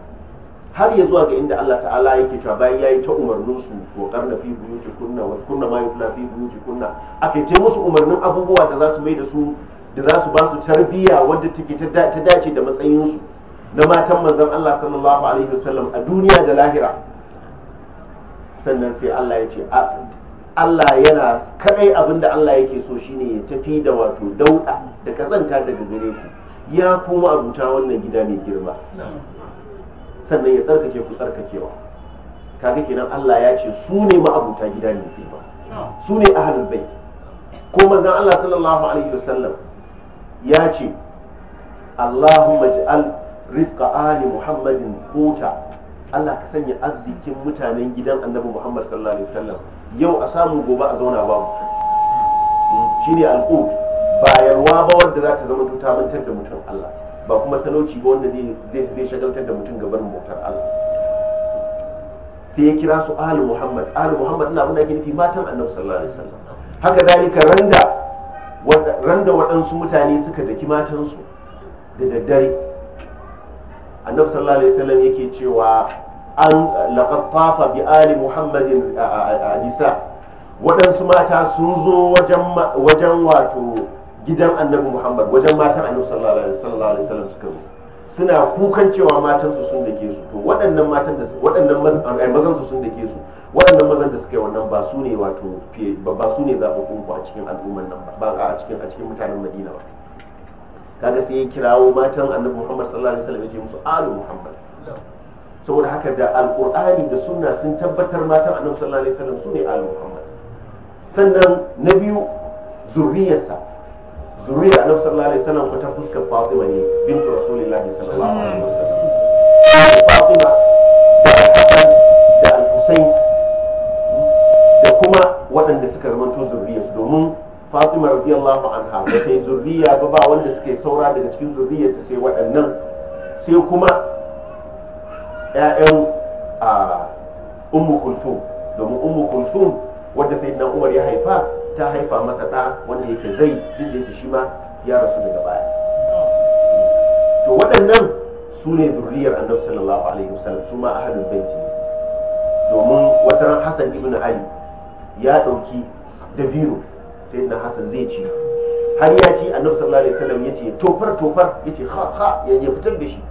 har ya zuwa ga inda Allah ta'ala yake cewa bayan yayi ta umarnin su ko karna fi buyuti kunna wa kunna ma yukla fi buyuti kunna ake ce musu umarnin abubuwa da za su mai da su da za su ba su tarbiyya wadda take ta dace da matsayin su na matan manzon Allah sallallahu alaihi wasallam a duniya da lahira sannan sai Allah ya ce Allah yana kadai abin da Allah yake so shine ya tafi da wato dauda da kazanta daga gare ku ya kuma abuta wannan gida mai girma sannan ya tsarkake ku tsarkakewa kaga kenan Allah ya ce su ne ma'abuta gida mai girma su ne ahlul bait ko manzon Allah sallallahu alaihi wasallam ya ce Allahumma ij'al rizqa ali Muhammadin quta Allah ka sanya arzikin mutanen gidan Annabi Muhammad sallallahu alaihi wasallam yau a samu gobe a zauna babu ne al'ud ba yalwa ba wanda za ta zama ta mantar da mutum Allah ba kuma talauci ba wanda zai shagaltar da mutum gaban motar Allah sai ya kira su ahlu muhammad ahlu muhammad ina abin da ake nufi matan annabi sallallahu alaihi wasallam haka zalika randa randa waɗansu mutane suka daki matansu da daddare annabi sallallahu alaihi wasallam yake cewa an laqad bi ali muhammadin nisa eh, eh, eh, waɗansu mata sun zo wajen wato gidan annabi muhammad wajen matan annabi sallallahu alaihi wasallam suka zo suna kukan cewa matansu sun dake su to waɗannan matan da waɗannan mazan su sun dake su waɗannan mazan da suka yi wannan ba su ne wato ba su ne zaɓaɓɓun a cikin al'ummar nan ba a cikin a cikin mutanen madina ba kaga sai ya kirawo matan annabi muhammad sallallahu alaihi wasallam ya ce musu alu muhammad saboda haka da alkur'ani da suna sun tabbatar matan annabi sallallahu alaihi wasallam su ne ali muhammad sannan na biyu zuriyarsa zuriyar annabi sallallahu alaihi wasallam ko ta fuskar fatima ne bintu rasulullahi sallallahu alaihi wasallam fatima da al-hasan da al-husayn da kuma waɗanda suka zamanto zuriyarsu domin fatima radiyallahu anha ba ta yi zurriya ba ba wanda suke saura daga cikin zurriyarta sai waɗannan sai kuma 'ya'yan a ummu kulfu domin ummu kulthum wadda sayyidina umar ya haifa ta haifa masa ɗa wanda yake zai duk da yake shi ma ya rasu daga baya to waɗannan su ne zurriyar annabi sallallahu alaihi wasallam su ma ahlul ne domin wata ran hasan ibn ali ya ɗauki sai na hasan zai ci har ya ci annabi sallallahu alaihi wasallam ya ce tofar tofar ya ce ha ha ya fitar da shi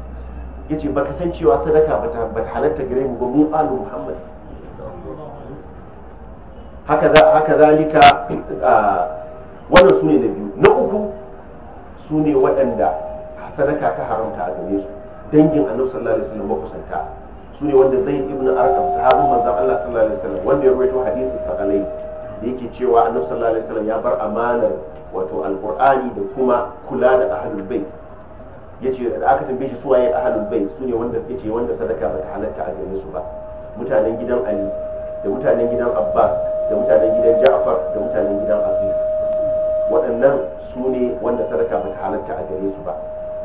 yace ba ka san cewa sadaka ba ta halatta gare mu ba mu alu muhammad haka za haka zalika wannan su ne na biyu na uku su ne waɗanda sadaka ta haramta a gare su dangin annabi sallallahu alaihi wasallam makusanta ne wanda zaid ibn arqam sahabin manzon Allah sallallahu alaihi wasallam wanda ya rawaito hadisi sakalai da yake cewa annabi sallallahu alaihi wasallam ya bar amanar wato alqur'ani da kuma kula da ahlul bait yace da aka tambaye shi suwaye bai su sune wanda yace wanda sadaka ta halatta a gare su ba mutanen gidan ali da mutanen gidan abbas da mutanen gidan ja'far da mutanen gidan aziz waɗannan su ne wanda sadaka ta halatta a gare su ba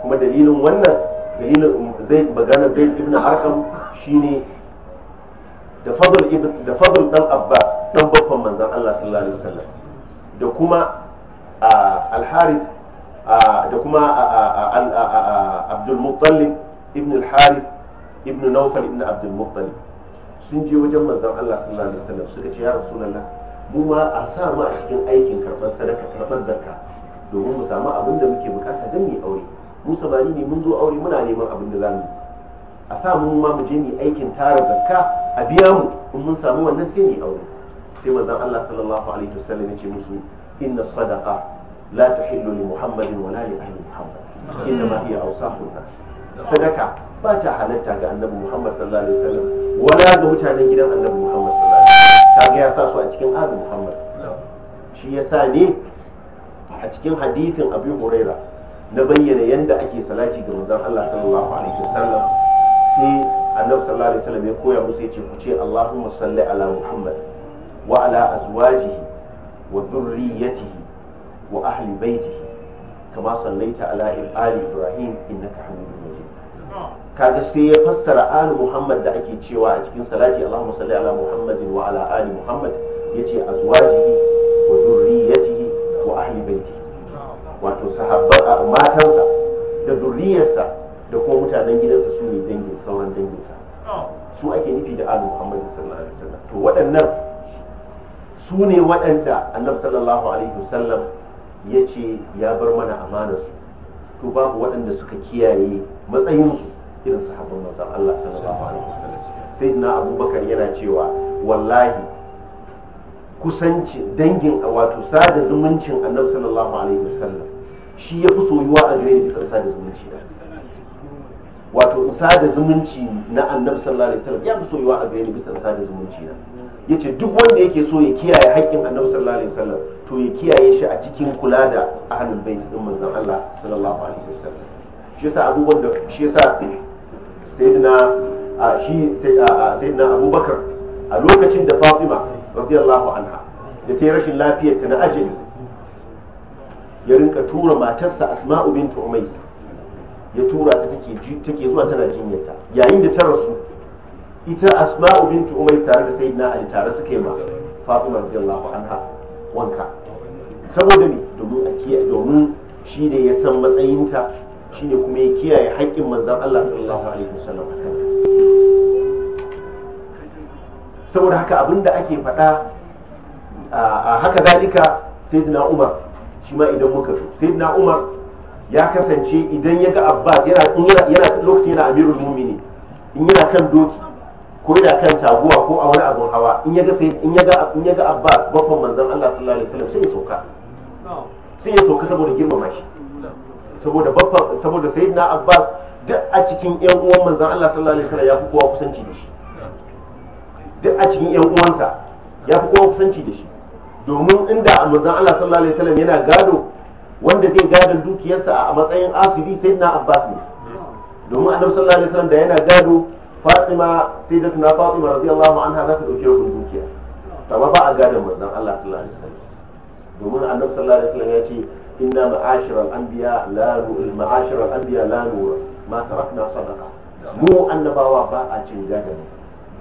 kuma dalilin wannan dalilin zai magana zai ibn arkam shine da fadl ibn da fadl dan abbas dan babban manzon Allah sallallahu alaihi wasallam da kuma ah, al-harith da kuma abdul muttalib ibn al-harith ibn nawfal ibn abdul sun je wajen manzon Allah sallallahu alaihi wasallam suka ce ya rasulullah mu ma a sa mu a cikin aikin karɓar sadaka karɓar zakka domin mu samu abin da muke bukata don mu aure mu samari ne mun zo aure muna neman abin da zamu a sa mu ma mu je mu aikin tara zakka a biya mu in mun samu wannan sai mu aure sai manzon Allah sallallahu alaihi wasallam ya ce musu inna sadaqa la tahillu li muhammadin wala li ahli muhammad inma hiya awsafuna sadaka ba ta halatta ga annabi muhammad sallallahu alaihi wasallam wala mutanen gidan annabi muhammad sallallahu alaihi wasallam kaga ya su a cikin ahli muhammad shi yasa ne a cikin hadithin abu huraira na bayyana yadda ake salati ga manzon Allah sallallahu alaihi wasallam sai annabi sallallahu alaihi ya koya musu yace ku ce Allahumma salli ala Muhammad wa ala azwajihi wa dhurriyyatihi Wa وأهل بيته كما صليت على آل إبراهيم إنك حميد مجيد kaga sai ya fassara ali muhammad da ake cewa a cikin salati allahumma salli ala muhammadin wa ala ali muhammad yace azwajihi wa dhurriyyatihi wa ahli baitihi wato sahabban matansa da zurriyarsa da kuma mutanen gidansa su ne dangin sauran danginsa su ake nufi da ali muhammad sallallahu alaihi wasallam to waɗannan su ne waɗanda annabi sallallahu alaihi wasallam ya ce ya bar mana amanarsu to babu waɗanda suka kiyaye matsayinsu irin sahabban manzon Allah sallallahu alaihi wasallam sai na abubakar yana cewa wallahi kusanci dangin a wato sada zumuncin annabi sallallahu alaihi wasallam shi ya fi soyuwa a gare da bisa sada zumunci wato in sada zumunci na annabi sallallahu alaihi wasallam ya fi soyuwa a gare ni bisa sada zumunci na yace duk wanda yake so ya kiyaye haƙƙin annabi sallallahu alaihi wasallam to ya kiyaye shi a cikin kula da ahlul bait din manzon Allah sallallahu alaihi wasallam shi yasa abubuwan da shi yasa sayyidina shi sayyidina Abubakar a lokacin da Fatima radiyallahu anha da ta yi rashin lafiyarta na ajali ya rinka tura matarsa Asma'u bint Umayyah ya tura ta take zuwa tana jinyarta yayin da ta rasu ita asma'u bintu umayr tare da sayyidina ali tare suka yi ma fatima radiyallahu anha wanka saboda ne domin a kiyaye domin shi ne ya san matsayinta shi ne kuma ya kiyaye haƙƙin manzon Allah sallallahu alaihi wasallam akan saboda haka abinda ake faɗa a haka dalika sayyidina umar shi ma idan muka so sayyidina umar ya kasance idan ya ga abbas yana lokacin yana amirul mumini in yana kan doki ko yana kan taguwa ko a wani abun hawa in ya ga in ya ga abbas babban manzon Allah sallallahu alaihi wasallam sai ya soka sai ya soka saboda girmama shi saboda babban saboda sayyidina abbas duk a cikin yan uwan manzon Allah sallallahu alaihi wasallam ya fi kowa kusanci da shi duk a cikin yan uwansa ya fi kowa kusanci da shi domin inda manzon Allah sallallahu alaihi wasallam yana gado wanda zai gadon dukiyarsa a matsayin asiri sai na abbas ne domin annabi sallallahu alaihi wasallam da yana gado fatima sai da tuna fatima radiyallahu anha za ta dauke wa dukiya ta amma ba a gadon manzon Allah sallallahu alaihi wasallam domin annabi sallallahu alaihi wasallam ya ce inna ma'ashira al-anbiya la ma'ashira al-anbiya la nura ma tarakna sadaqa mu annabawa ba a cin gadon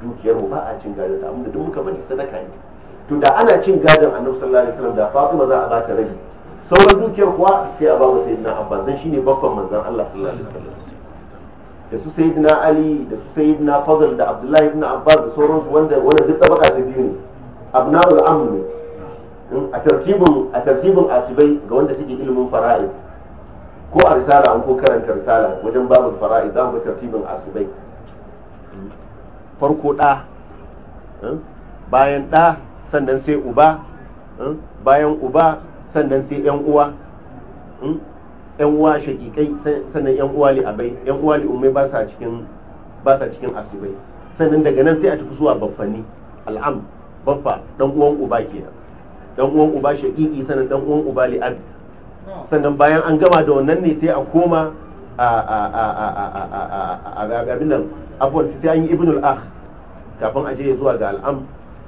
dukiyar mu ba a cin gadon ta amma duk muka bari sadaka ne to da ana cin gadon annabi sallallahu alaihi wasallam da fatima za a ba ta rabi sauran dukiyar kuwa sai a ba mu sayyidina abbas dan shine babban manzon Allah sallallahu alaihi wasallam da su sayyidina ali da su sayyidina fadl da abdullahi ibn abbas da sauransu wanda wanda duk tabaka ta biyu ne abnaul amr a tartibin a tartibin asibai ga wanda suke ilimin fara'id ko a risala an ko karanta risala wajen babul fara'id za mu ga tartibin asibai farko da eh? bayan da sannan sai uba eh? bayan uba sannan sai yan uwa yan uwa shakikai sannan yan uwa a bai yan uwa li umai ba sa cikin ba asibai sannan daga nan sai a tafi zuwa baffani al'am baffa ɗan uwan uba ke kenan ɗan uwan uba shakiki sannan ɗan uwan uba li abi sannan bayan an gama da wannan ne sai a koma a abin nan abuwan sai an yi ibn al kafin a je zuwa ga al'am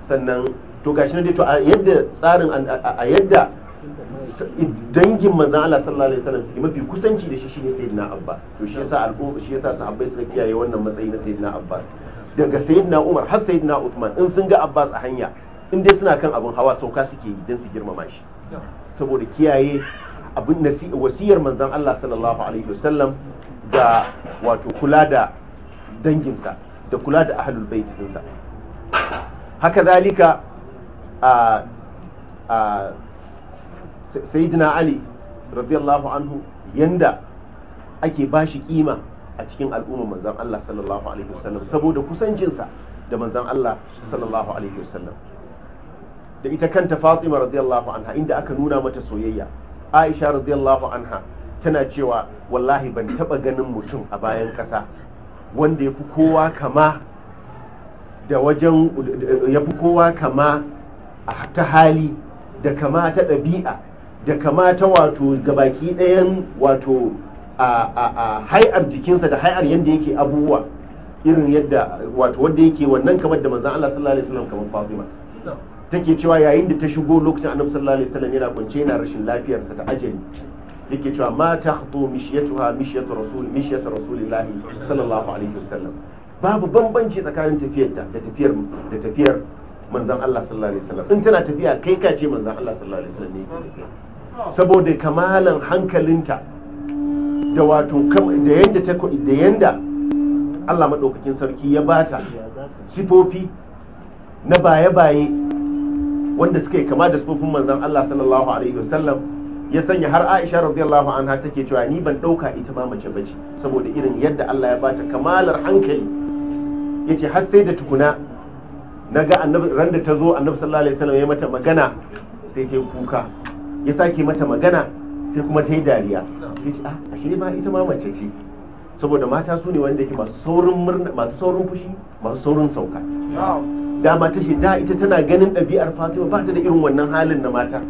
sannan to gashi na to a yadda tsarin a yadda dangin manzan Allah sallallahu alaihi wasallam suke mafi kusanci da shi shine sayyidina Abbas to shi yasa al'umma shi yasa sahabbai suka kiyaye wannan matsayi na sayyidina Abbas daga sayyidina Umar har sayyidina Uthman in sun ga Abbas a hanya in dai suna kan abin hawa sauka suke yi dan su girmama shi saboda kiyaye abin wasiyar manzan Allah sallallahu alaihi wasallam da wato kula da danginsa da kula da ahlul bait dinsa haka zalika a sayidina ali radiyallahu anhu yanda ake bashi kima a cikin al'umma manzon Allah sallallahu alaihi wasallam saboda kusancinsa da manzon Allah sallallahu alaihi wasallam da ita kanta Fatima radiyallahu anha inda aka nuna mata soyayya Aisha radiyallahu anha tana cewa wallahi ban taba ganin mutum a bayan kasa wanda yafi kowa kama da wajen yafi kowa kama a ta hali da kama ta ɗabi'a da kamata wato gabaki ɗayan wato a hai'ar jikinsa da hai'ar yadda yake abubuwa irin yadda wato wanda yake wannan kamar da manzan Allah sallallahu alaihi wasallam kamar Fatima take cewa yayin da ta shigo lokacin Annabi sallallahu alaihi wasallam yana kwance yana rashin lafiyarsa ta ajali yake cewa ma tahdu mishyatuha mishyatu rasul mishyatu rasulillahi sallallahu alaihi wasallam babu bambanci tsakanin tafiyar da tafiyar da tafiyar manzan Allah sallallahu alaihi wasallam in tana tafiya kai ka ce manzan Allah sallallahu alaihi wasallam ne saboda kamalan hankalinta da wato da yanda ta da yanda Allah maɗaukakin sarki ya bata sifofi na baye-baye wanda suka yi kama da sifofin manzan Allah sallallahu alaihi wasallam ya sanya har Aisha radiyallahu anha take cewa ni ban ɗauka ita ma mace bace saboda irin yadda Allah ya bata kamalar hankali yace har sai da tukuna naga annabi ran da ta zo annabi sallallahu alaihi wasallam ya mata magana sai ta kuka ya sake mata magana sai kuma ta yi dariya ya ce a ah, shi ma ita ma mace ce saboda mata su ne wanda yake masu saurin masu fushi masu saurin sauka dama ta shi da ita tana ganin ɗabi'ar fatima ba ta da irin wannan halin na mata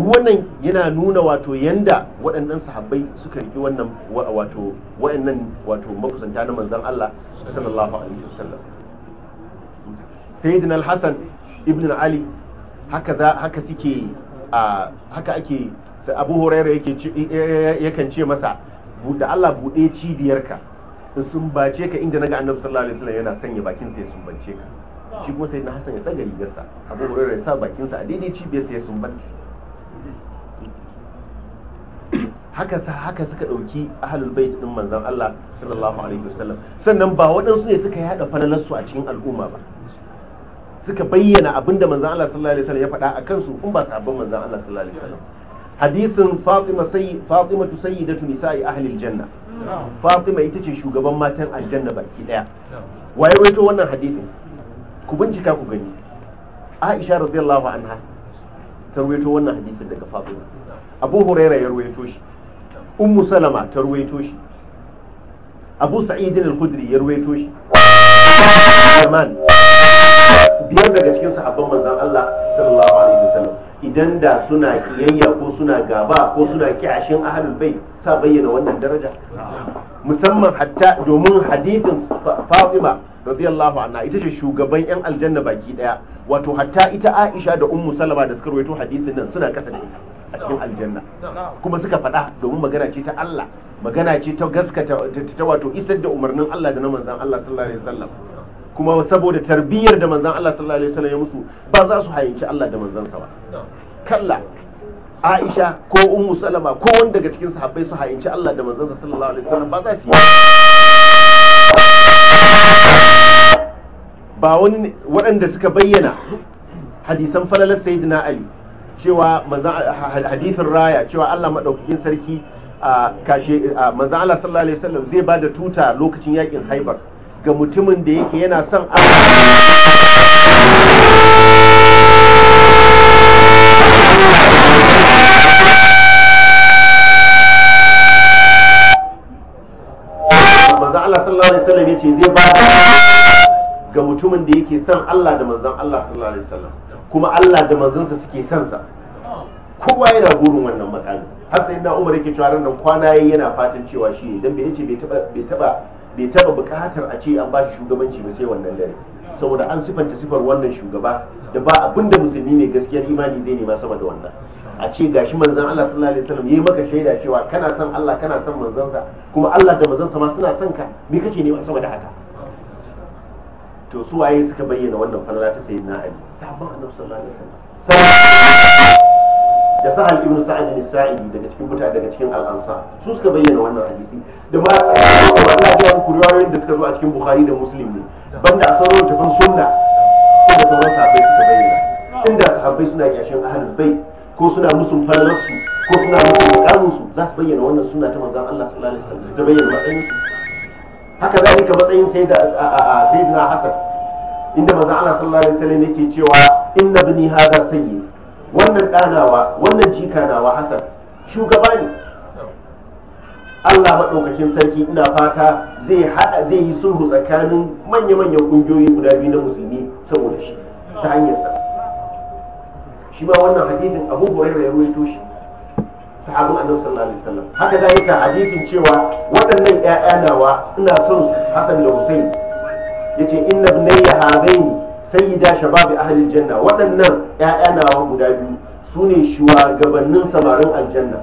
wannan yana nuna wato yanda waɗannan sahabbai suka riƙe wannan wato waɗannan wato makusanta na manzon Allah sallallahu alaihi wasallam sayyidina hasan ibn ali haka za haka suke haka ake abu horaira yake yakan ce masa da Allah buɗe cibiyarka in sun bace ka inda naga annabi sallallahu alaihi wasallam yana sanya bakin sa ya sumbace ka shi kuma na hasan ya daga rigarsa abu horaira ya sa bakin sa a daidai cibiyar sa ya sumbace haka sa haka suka dauki ahlul bait din manzon Allah sallallahu alaihi wasallam sannan ba waɗansu ne suka yada falalarsu a cikin al'umma ba suka bayyana abinda manzan Allah sallallahu alaihi wasallam ya faɗa a kansu in ba sabon manzan Allah sallallahu alaihi wasallam hadisin Fatima sayyi Fatima sayyidatu nisa'i ahli aljanna Fatima ita ce shugaban matan aljanna baki daya waye wato wannan hadisin ku bincika ku gani Aisha radiyallahu anha ta ruwaito wannan hadisin daga Fatima Abu Huraira ya ruwaito shi Ummu Salama ta ruwaito shi Abu Sa'id al-Khudri ya ruwaito shi Salman biyar daga cikin sahabban manzan Allah sallallahu alaihi wasallam idan da suna kiyayya ko suna gaba ko suna kiyashin ahlul bai sa bayyana wannan daraja musamman hatta domin hadithin Fatima radiyallahu anha ita ce shugaban yan aljanna baki daya wato hatta ita Aisha da Ummu Salama da suka rawaito hadisin nan suna kasa da ita a cikin aljanna kuma suka faɗa domin magana ce ta Allah magana ce ta gaskata ta wato isar da umarnin Allah da na manzan Allah sallallahu alaihi wasallam kuma saboda tarbiyyar da manzan Allah sallallahu alaihi wasallam ya musu ba za su hayanci Allah da manzansa ba kalla Aisha ko Ummu Salama ko wanda daga cikin sahabbai su hayanci Allah da manzansa sallallahu alaihi wasallam ba za su yi ba wani waɗanda suka bayyana hadisan falalar sayyidina Ali cewa hadisin raya cewa Allah Maɗaukakin sarki a kashe manzan Allah sallallahu alaihi wasallam zai ba da tuta lokacin yakin Haibar ga mutumin da yake yana son Allah mutumin da yake son Allah da manzan Allah kuma Allah da manzansa suke son sa kowa yana gurin wannan makami har sai na Umar yake cewa ran kwana yana fatan cewa shi dan bai yace bai taba bai taba bai taba bukatar a ce an ba shi shugabanci ba sai wannan dare saboda an sifanta sifar wannan shugaba da ba abin da musulmi ne gaskiyar imani zai nema sama da wannan a ce gashi manzan Allah sallallahu alaihi wasallam yayi maka shaida cewa kana son Allah kana son manzansa kuma Allah da manzansa ma suna son ka me kake nema sama da haka to su waye suka bayyana wannan falala ta sayyidina Ali sahabban annabi sallallahu alaihi wasallam da sa'al ibn sa'ad ne sa'idi daga cikin mutane daga cikin al'ansa su suka bayyana wannan hadisi da ma Allah ya muku riwayoyin da suka zo a cikin bukhari da muslim ne banda a sauran tafan sunna da sauran sahabbai suka bayyana inda sahabbai suna kyashin ahlul bait ko suna musun fallarsu ko suna musun mukaminsu za su bayyana wannan sunna ta manzon Allah sallallahu alaihi wasallam da bayyana matsayin su haka zalika matsayin sai da sayyidina hasan inda manzon Allah sallallahu alaihi wasallam yake cewa inna bani hada sayyid wannan ɗanawa wannan jikanawa hasan shugaba ne allah maɗaukakin sarki ina fata zai haɗa zai yi sulhu tsakanin manya-manyan ƙungiyoyi guda biyu na musulmi saboda shi ta hanyarsa shi ma wannan hadithin abu hurairah ya ruwaito shi sahabin annabi sallallahu alaihi wasallam haka ta hadithin cewa waɗannan ƴaƴa nawa ina son hasan da husain yace inna bunayya hadaini sayyida shababi ahlil janna waɗannan ƴaƴa nawa guda biyu su ne shugabannin samarin aljanna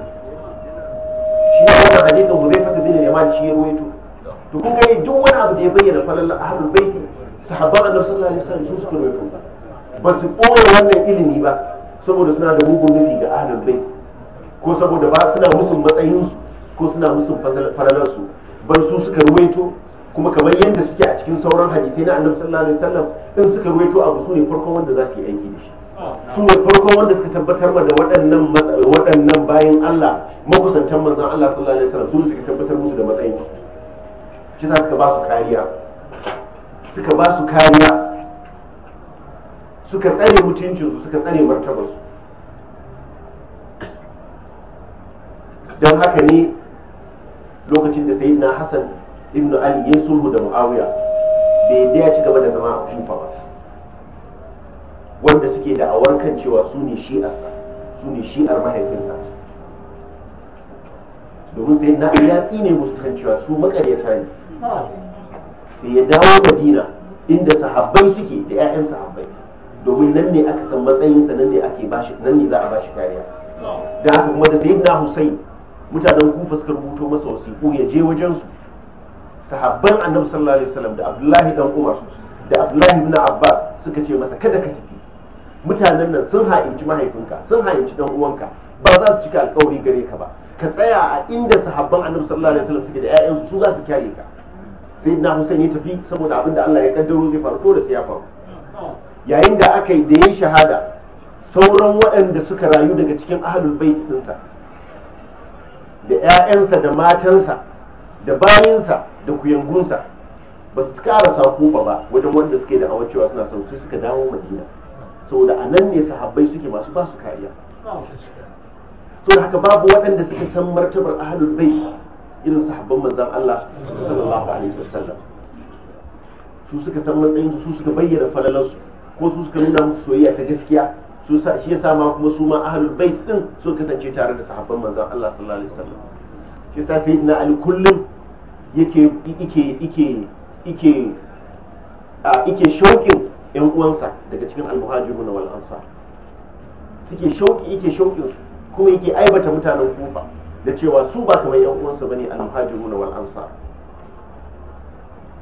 shi ne wannan hadisin hudayfa bin yaman shi ya ruwaito to kun gani duk wani abu da ya bayyana falalla ahlul baiti sahabban annabi sallallahu alaihi wasallam su suka ruwaito ba su ɓoye wannan ilimi ba saboda suna da mugun nufi ga ahlul baiti ko saboda ba suna musun matsayinsu ko suna musun falalarsu bar su suka ruwaito kuma kamar yadda suke a cikin sauran hadisai na annabi sallallahu alaihi wasallam in suka ruwaito abu su ne farkon wanda za su yi aiki da shi su ne farkon wanda suka tabbatar da waɗannan waɗannan bayan Allah makusantan manzon Allah sallallahu alaihi wasallam su suka tabbatar musu da matsayin shi za suka ba su kariya suka ba su kariya suka tsare mutuncinsu suka tsare su don haka ne lokacin da sayyidina Hassan ibn ali ya sulhu da muawiya bai da ya ci gaba da zama a kufa ba wanda suke da awar kan cewa su ne shi'arsa su ne shi'ar mahaifinsa domin sai na ya tsine musu kan cewa su makaryata ne sai ya dawo madina inda sahabbai suke da 'ya'yan sahabbai domin nan ne aka san matsayinsa nan ne ake bashi nan ne za a bashi kariya da haka kuma da sayyidina Hussein mutanen kufa suka rubuto masa wasiƙu ya je wajen su sahabban annabi sallallahu alaihi wasallam da abdullahi dan umar da abdullahi ibn abbas suka ce masa kada ka tafi mutanen nan sun ha'inci mahaifinka sun ha'inci dan uwanka ba za su cika alkawari gare ka ba ka tsaya a inda sahabban annabi sallallahu alaihi wasallam suke da ƴaƴansu su za su ka sai na husain ya tafi saboda abin da Allah ya kaddaro zai faru da sai ya faru yayin da aka yi da yin shahada sauran waɗanda suka rayu daga cikin ahlul bait ɗinsa da ƴaƴansa da matansa da bayinsa da kuyangunsa ba su kara sako ba ba wajen wanda suke da awancewa suna son sai suka dawo madina saboda a nan ne sahabbai suke masu ba su kariya so haka babu waɗanda suka san martabar ahlul bai irin sahabban manzan Allah sallallahu alaihi wasallam su suka san matsayin su suka bayyana falalansu ko su suka nuna musu soyayya ta gaskiya su sa shi yasa ma kuma su ma ahlul bait din su kasance tare da sahabban manzon Allah sallallahu alaihi wasallam shi yasa sai ina ali kullum yake yake shauƙin yan uwansa daga cikin almuhajiruna wal ansar suke shauƙi yake shokin kuma yake aibata mutanen kufa da cewa su ba kamar yan uwansa bane almuhajiruna wal ansar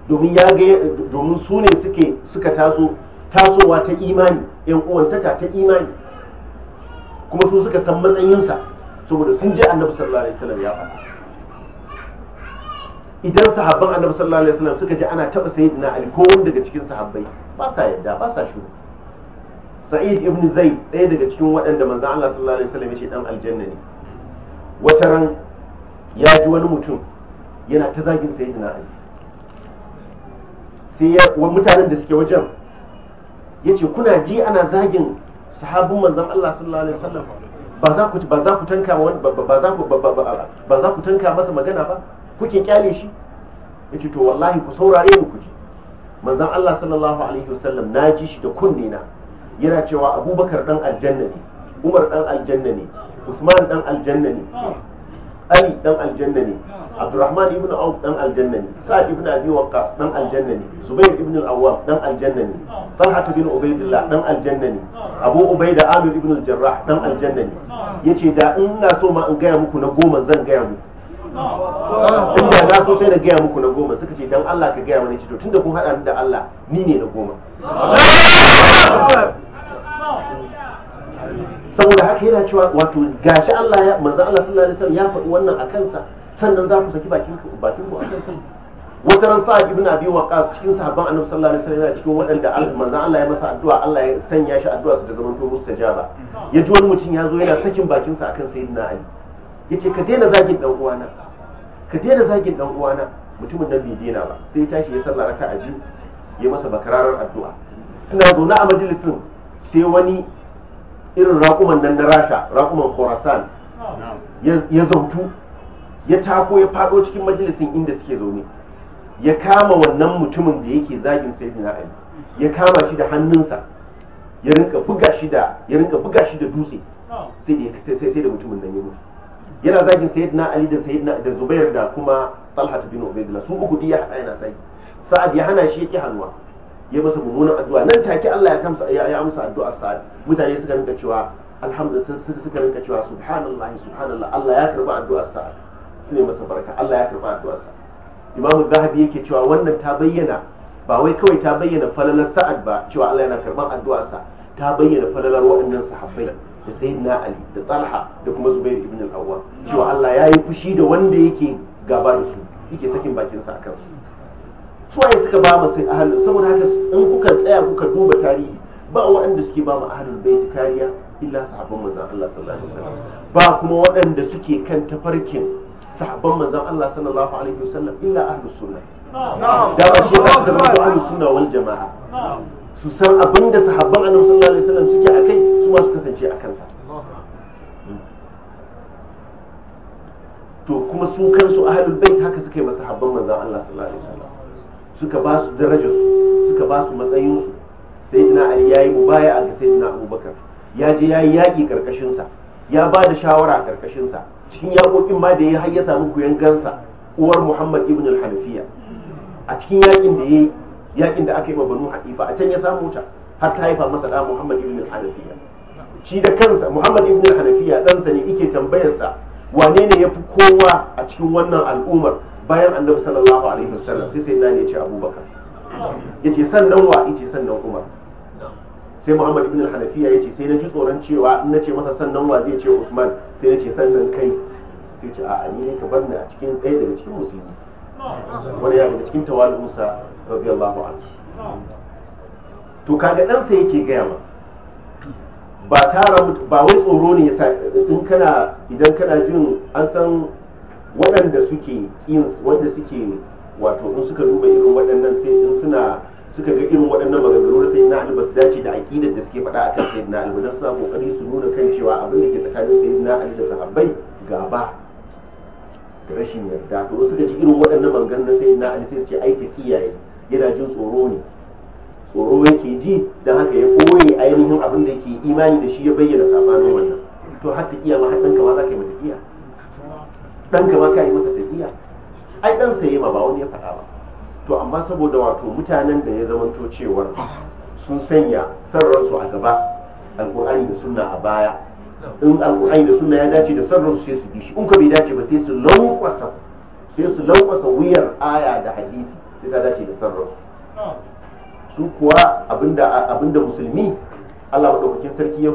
domin ya ga domin su ne suke suka taso tasowa ta imani yan uwantaka ta imani kuma su suka san matsayinsa saboda sun ji annabi sallallahu alaihi wasallam ya faɗa idan sahabban annabi sallallahu alaihi wasallam suka ji ana taba sayyidina ali ko wanda daga cikin sahabbai ba sa yadda ba sa shiru sa'id ibn zaid ɗaya daga cikin waɗanda manzon Allah sallallahu alaihi wasallam ya ce dan aljanna ne wata ran ya ji wani mutum yana ta zagin sayyidina ali sai ya wa mutanen da suke wajen ya ce kuna ji ana zagin sahabun manzon Allah sallallahu alaihi wasallam ba za ku tanka masa magana ba kuke kyale shi yace to wallahi ku saurare mu kuje manzon Allah sallallahu alaihi wasallam na ji shi da kunne na yana cewa Abubakar dan aljanna ne Umar dan aljanna ne Usman dan aljanna ne Ali dan aljanna ne Abdurrahman ibn Auf dan aljanna ne Sa'id ibn Abi Waqqas dan aljanna ne Zubair ibn al-Awwam dan aljanna ne Talha bin Ubaidillah dan aljanna ne Abu Ubaida Amir ibn al-Jarrah dan aljanna ne yace da ina so ma in gaya muku na goma zan gaya muku inda za so sai na gaya muku na goma suka ce don Allah ka gaya mana cito to tunda kun haɗa ni da Allah ni ne na goma saboda haka yana cewa wato gashi Allah ya manzo Allah sallallahu alaihi wasallam ya faɗi wannan a kansa sannan za ku saki bakin ku bakin ku a kansa wata ran sa'ad ibn abi waqas cikin sahabban annabi sallallahu alaihi wasallam yana cikin waɗanda manzo Allah ya masa addu'a Allah ya sanya shi addu'a su da zaman to mustajaba ya ji wani mutum ya zo yana sakin bakin sa akan sayyidina Ali yace ka daina zagin dan uwana ka daina zagin dan uwana mutumin nan bai daina ba sai ya tashi ya sallah a biyu ya masa bakararar addu'a suna zaune a majalisin sai wani irin raƙuman nan na rasha raƙuman khorasan ya zautu ya tako ya fado cikin majalisin inda suke zaune ya kama wannan mutumin da yake zagin sayyidina ali ya kama shi da hannunsa ya rinka buga shi da dutse sai da mutumin nan ya mutu yana zagin sayyidina ali da sayyidina da zubair da kuma talha bin ubaydullah su uku duk ya hada yana zagi sa'ad ya hana shi yake hannuwa ya masa mummunan addu'a nan take Allah ya kamsa ya amsa addu'a sa'ad mutane suka rinka cewa alhamdulillah suka rinka cewa subhanallah subhanallah Allah ya karba addu'a sa'ad su ne masa barka Allah ya karba addu'a sa'ad imamu zahabi yake cewa wannan ta bayyana ba wai kawai ta bayyana falalar sa'ad ba cewa Allah yana karban addu'a sa ta bayyana falalar waɗannan sahabbai da sayyidina ali da talha da kuma zubair ibn al-awwal cewa Allah ya yi fushi da wanda yake gaba da su yake sakin bakin sa akan su suwaye suka ba mu sai ahlul saboda haka in kuka tsaya kuka duba tarihi ba waɗanda suke ba mu ahlul bait kariya illa sahabban manzon Allah sallallahu alaihi wasallam ba kuma waɗanda suke kan tafarkin sahabban manzon Allah sallallahu alaihi wasallam illa ahlus sunna da ba shi da ahlus sunna wal jama'a su san abin da sahabban annabi sallallahu alaihi wasallam suke a kai su ma su kasance a kansa to kuma su kansu ahlul bait haka suka yi masahabban manzon Allah sallallahu alaihi wasallam suka ba su darajarsu suka ba su matsayinsu sayyidina ali yayi mubaya ga sayyidina abubakar ya je yayi yaki karkashin sa ya ba da shawara karkashin sa cikin yakokin ma da yayi har ya samu kuyan gansa uwar muhammad ibn al-hanafiya a cikin yakin da yayi yakin da aka yi ma banu hanifa a can ya samu ta har ta haifa masa da muhammad ibn al-hanafiya shi da kansa muhammad ibn al-hanafiya ɗansa ne ike tambayarsa wane ne ya fi kowa a cikin wannan al'ummar bayan annabi sallallahu alaihi wasallam sai sai nani ya ce abubakar ya ce sannan wa ya ce sannan umar sai muhammad ibn al-hanafiya ya ce sai na ji tsoron cewa in na ce masa sannan wa zai ce usman sai ya ce sannan kai sai ce a'a ni ne ka bar ni a cikin ɗaya daga cikin musulmi wani ya daga cikin tawali'unsa radiyallahu anhu to kaga sai yake gaya ma ba tara ba wai tsoro ne yasa in kana idan kana jin an san waɗanda suke kin wanda suke wato in suka duba irin waɗannan sai in suna suka ga irin waɗannan maganganu na sayyidina Ali su dace da aqidar da suke faɗa akan sayyidina Ali dan suna kokari su nuna kan cewa abin da ke tsakanin sayyidina Ali da sahabbai gaba da rashin yarda to suka ji irin waɗannan maganganu na sayyidina Ali sai su ce ai ta kiyaye Gidajen tsoro ne tsoro yake ji da haka ya koye ainihin abin da ke imani da shi ya bayyana sabanin wannan to har ta iya ma har ɗanka ma za ka yi mata iya ɗanka ma ka yi masa tafiya ai ɗan saye ma ba wani ya faɗa ba to amma saboda wato mutanen da ya zamanto cewar sun sanya sarransu a gaba alƙur'ani da sunna a baya in alƙur'ani da sunna ya dace da sarransu sai su bi shi in ka bai dace ba sai su lankwasa sai su lankwasa wuyar aya da hadisi sai ta dace da sarrafa su kuwa abinda musulmi Allah maɗaukakin sarki ya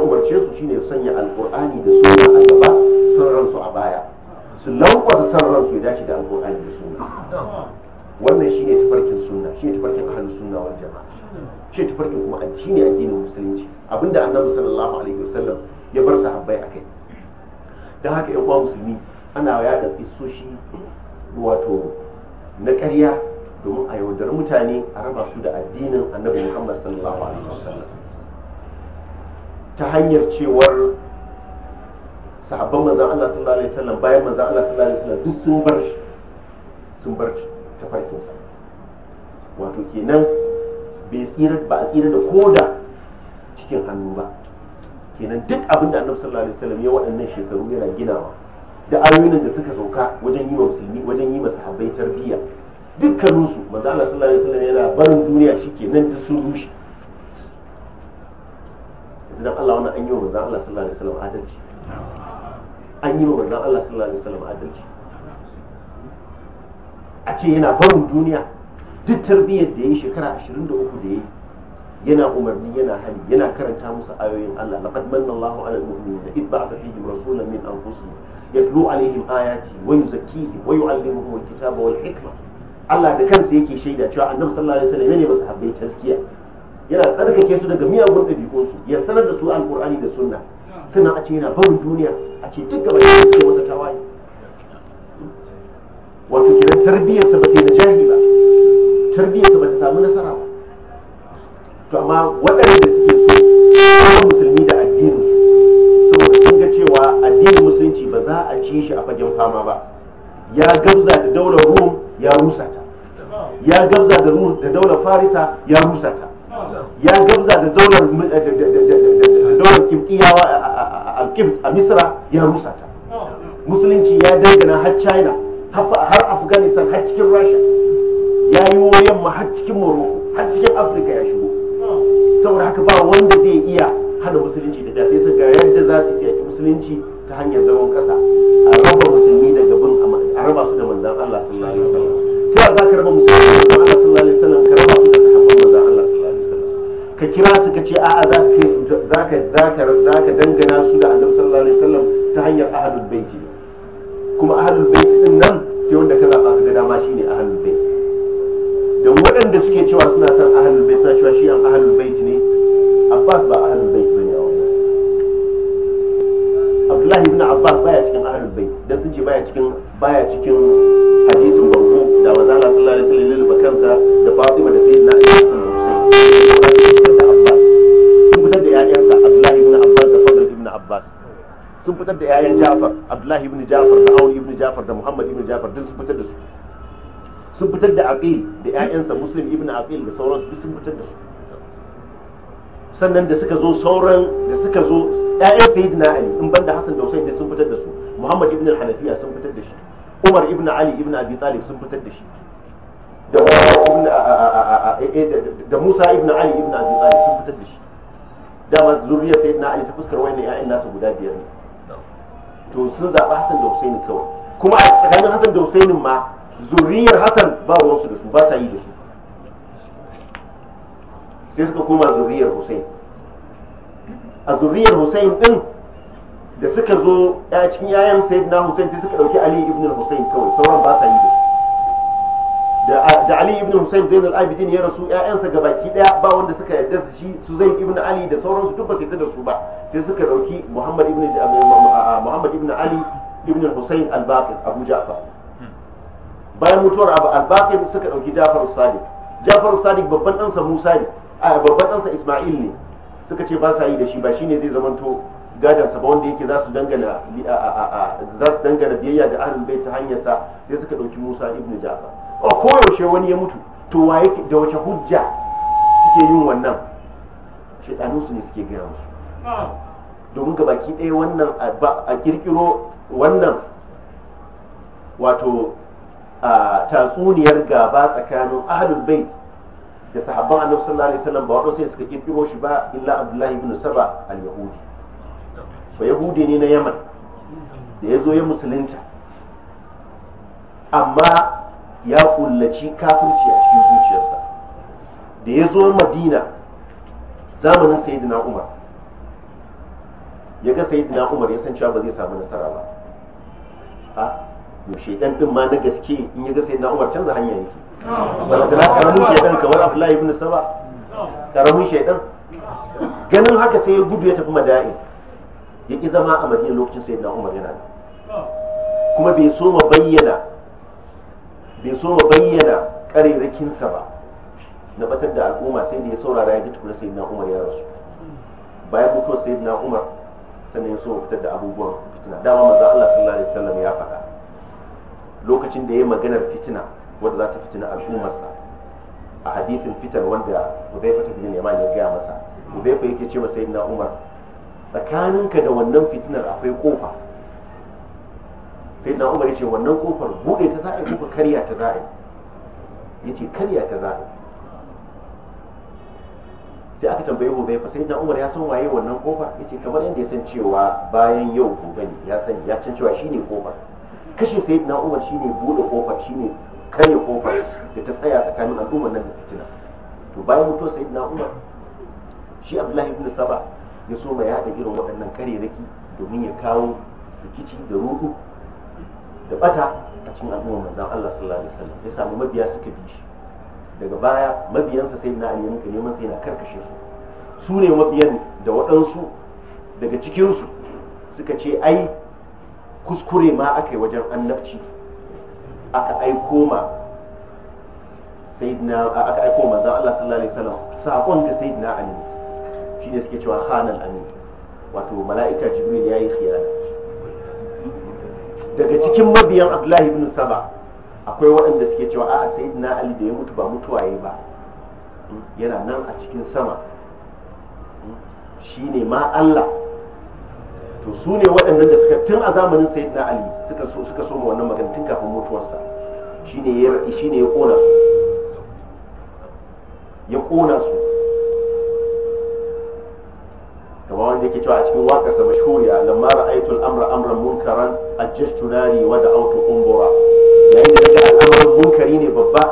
umarce su shine ya sanya alƙur'ani da suna a gaba sun ransu a baya su lankwasa san ransu ya dace da alƙur'ani da suna wannan shine tafarkin shi shine tafarkin ahlus suna wal jama'a shine tafarkin kuma an shine addinin musulunci abinda annabi sallallahu alaihi wasallam ya bar sahabbai akai dan haka yan uwa musulmi ana yada isoshi wato na ƙarya domin a yaudari mutane a raba su da addinin annabi muhammad sallallahu alaihi wasallam ta hanyar cewar sahabban manzan allah sallallahu alaihi wasallam bayan manzan allah sallallahu alaihi wasallam duk sun bar sun bar sa wato kenan bai tsira ba a tsira da koda cikin hannu ba kenan duk abin da annabi sallallahu alaihi wasallam ya waɗannan shekaru yana ginawa da ayoyin da suka sauka wajen yi wa musulmi wajen yi masa habbai tarbiyya dukkaninsu manzo Allah sallallahu alaihi wasallam yana barin duniya shike nan da sun rushe idan Allah wannan an yi wa manzo Allah sallallahu alaihi wasallam adalci an yi wa manzo Allah sallallahu alaihi wasallam adalci a ce yana barin duniya duk tarbiyyar da ya yi shekara 23 da ya yi yana umarni yana hali yana karanta musu ayoyin Allah laqad manna Allahu 'ala al-mu'minina idh ba'atha fihim rasulan min anfusihim yatlu alaihim ayati wa yuzakkihi wa yu'allimuhum alkitaba wal hikma Allah da kansa yake shaida cewa annabi sallallahu alaihi wasallam yana masa habbai taskiya yana tsarkake su daga miyagun ɗabi'un su ya sanar da su alqur'ani da sunna sannan a ce yana barin duniya a ce duk gaba da yake masa tawaye wato kiran tarbiyyarsa ba ta yi najahi ba tarbiyyarsa ba ta samu nasara ba to amma waɗanda suke so musulmi da addinin cewa addinin musulunci ba za a ci shi a fagen fama ba ya gabza da daular rum ya rusa ta ya gabza da da daular farisa ya rusa ta ya gabza da daular kimkiyawa a misra ya rusa ta musulunci ya dangana har china har afghanistan har cikin rasha ya yi wa yamma har cikin morocco har cikin afirka ya shigo saboda haka ba wanda zai iya hana musulunci da dafe sun ga yadda za su ce musulunci ta hanyar zaman kasa a raba musulmi daga bin a raba su da manzan Allah sallallahu alaihi wasallam ta za ka raba musulmi da manzan Allah sallallahu alaihi wasallam ka raba su da sahabban manzan Allah sallallahu alaihi wasallam ka kira su ka ce a'a za ka zaka zaka dangana su da Annabi sallallahu alaihi wasallam ta hanyar ahadul baiti kuma ahadul baiti din nan sai wanda ka zaba ka ga dama shine ahadul baiti dan waɗanda suke cewa suna son ahalul bai suna cewa shi an ahadul baiti ne Abbas ba ahalul bai. abdullahi ibn abbas baya cikin ahlul bayt dan sun ce baya cikin baya cikin hadisin bango da manzo Allah sallallahu alaihi wasallam lilba kansa da fatima da sayyidina ali da abbas sun fitar da yayansa abdullahi ibn abbas da fadl ibn abbas sun fitar da yayan ja'far abdullahi ibn ja'far da aun ibn ja'far da muhammad ibn ja'far duk sun fitar da su sun fitar da aqil da yayansa muslim ibn aqil da sauransu duk sun fitar da su sannan da suka zo sauran da suka zo ƴaƴan sayyidina ali in banda Hassan da husain sun fitar da su muhammad ibn al-hanafiya sun fitar da shi umar ibn ali ibn abi talib sun fitar da shi da eh, musa ibn ali ibn abi talib sun fitar da shi dama zuriyar sayyidina ali ta fuskar wayannan ƴaƴan nasa guda biyar ne to sun zaɓi Hassan da hussein kawai kuma a tsakanin Hassan da hussein ma zuriyar Hassan ba ruwansu da su ba sa yi da su sai suka koma zuriyar Hussein a zuriyar Hussein din da suka zo ya cikin yayan sayyidina Hussein sai suka dauki Ali ibn Hussein kawai sauran ba sa yi da da Ali ibn Hussein zai al-Abidin ya rasu ƴaƴansa gabaki daya ba wanda suka yarda su shi su Zain ibn Ali da sauransu duk ba su yarda da su ba sai suka dauki Muhammad ibn eh, eh, Muhammad ibn Ali ibn Hussein al-Baqir Abu Ja'far bayan mutuwar Abu al-Baqir suka dauki Ja'far as-Sadiq Ja'far as-Sadiq babban ɗansa Musa ne a babban ɗansa isma'il ne suka ce ba sa yi da shi ba shine zai zamanto gadansa ba wanda yake za su dangana za su dangana biyayya da ahlul bait ta hanyar sa sai suka ɗauki musa Ibn ja'far a koyaushe wani ya mutu to wa da wace hujja suke yin wannan shaidanu su ne suke gaya musu domin ga baki ɗaya wannan a kirkiro wannan wato tatsuniyar gaba tsakanin ahlul bait da sahabban annabi sallallahu alaihi wasallam ba wato sai suka kirkiro shi ba illa abdullahi ibn saba al-yahudi ba yahudi ne na yaman da ya zo ya musulunta amma ya kullaci kafirci a cikin zuciyarsa da ya zo madina zamanin sayyidina umar ya ga sayyidina umar ya san cewa ba zai samu nasara ba a shaidan din ma na gaske in ya ga sayyidina umar canza hanya yake na karamin shaidan kamar abdullahi ibn saba karamin shaidan ganin haka sai ya gudu ya tafi madain ya ki zama a madina lokacin sayyidina umar yana kuma bai so ma bayyana bai so ma bayyana karerakinsa ba na batar da al'umma sai da ya saurara ya ji tukuna sayyidina umar ya rasu bayan mutuwar sayyidina umar sannan ya so fitar da abubuwan fitina dama maza Allah sallallahu alaihi wasallam ya faɗa lokacin da ya yi maganar fitina wadda za ta fitina al'ummarsa a hadithin fitar wanda da bin Yaman ya gaya masa fa yake ce masa na Umar tsakaninka da wannan fitinar akwai kofa na Umar ce wannan kofar bude ta za a yi ko karya ta za a yi ce karya ta za a yi sai aka tambaye sai na Umar ya san waye wannan kofa ce kamar yadda ya san cewa bayan yau gobe ne ya san ya san cewa shine kofar kashe na Umar shine buɗe kofar shine karya kofar da ta tsaya tsakanin al'ummar nan da fitina to bayan mutuwar sai na umar shi abdullahi ibn saba ya so ma yada irin waɗannan kareraki domin ya kawo rikici da ruhu da bata a cikin al'ummar manzon Allah sallallahu alaihi wasallam ya samu mabiya suka bi shi daga baya mabiyansa sai na ali ka neman sai na karkashe su su ne mabiyan da waɗansu daga cikinsu suka ce ai kuskure ma aka yi wajen annabci aka aiko ma sayyidina aka aiko manzon Allah sallallahu alaihi wasallam sakon ga sayyidina Ali shine suke cewa khanal amin wato mala'ika jibril yayi khiyana daga cikin mabiyan Abdullahi ibn Saba akwai waɗanda suke cewa a sayyidina Ali da ya mutu ba mutuwa yayi ba yana nan a cikin sama shine ma Allah to su ne waɗannan da suka tun a zamanin sayyidina Ali suka so suka so wannan magana tun kafin mutuwarsa shine ya shine ya kona su ya kona su kamar wanda yake cewa a cikin waƙar sa mashhuriya lamma ra'aytul amra amran munkaran ajjashtu nari wa da'awtu qumbura yayin da ga al'amarin munkari ne babba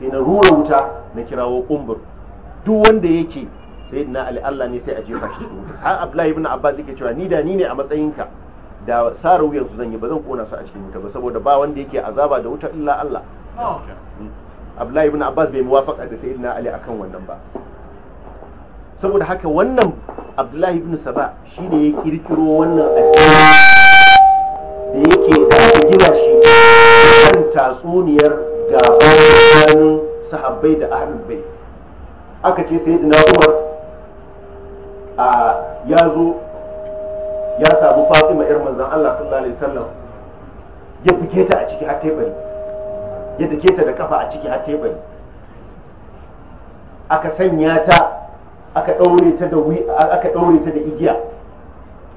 sai na rura wuta na kirawo kumbur duk wanda yake sayyidina na ali Allah ne sai a jefa shi har Abdullahi ibn Abbas yake cewa ni da ni ne a matsayinka da sara wuyan su zan yi ba zan kona su a cikin wuta ba saboda ba wanda yake azaba da wuta illa Allah Abdullahi ibn Abbas bai muwafaka da Sayyidina Ali akan wannan ba saboda haka wannan Abdullahi ibn Saba shine ya kirkiro wannan addini da yake da gina shi kan tatsuniyar gaba tsakanin sahabbai da ahlul bait aka ce Sayyidina Umar a ya zo ya samu fatima yar manzan Allah sallallahu alaihi wasallam ya buge ta a ciki har tebari ya dake ta da kafa a ciki har tebari aka sanya ta aka daure ta da aka daure ta da igiya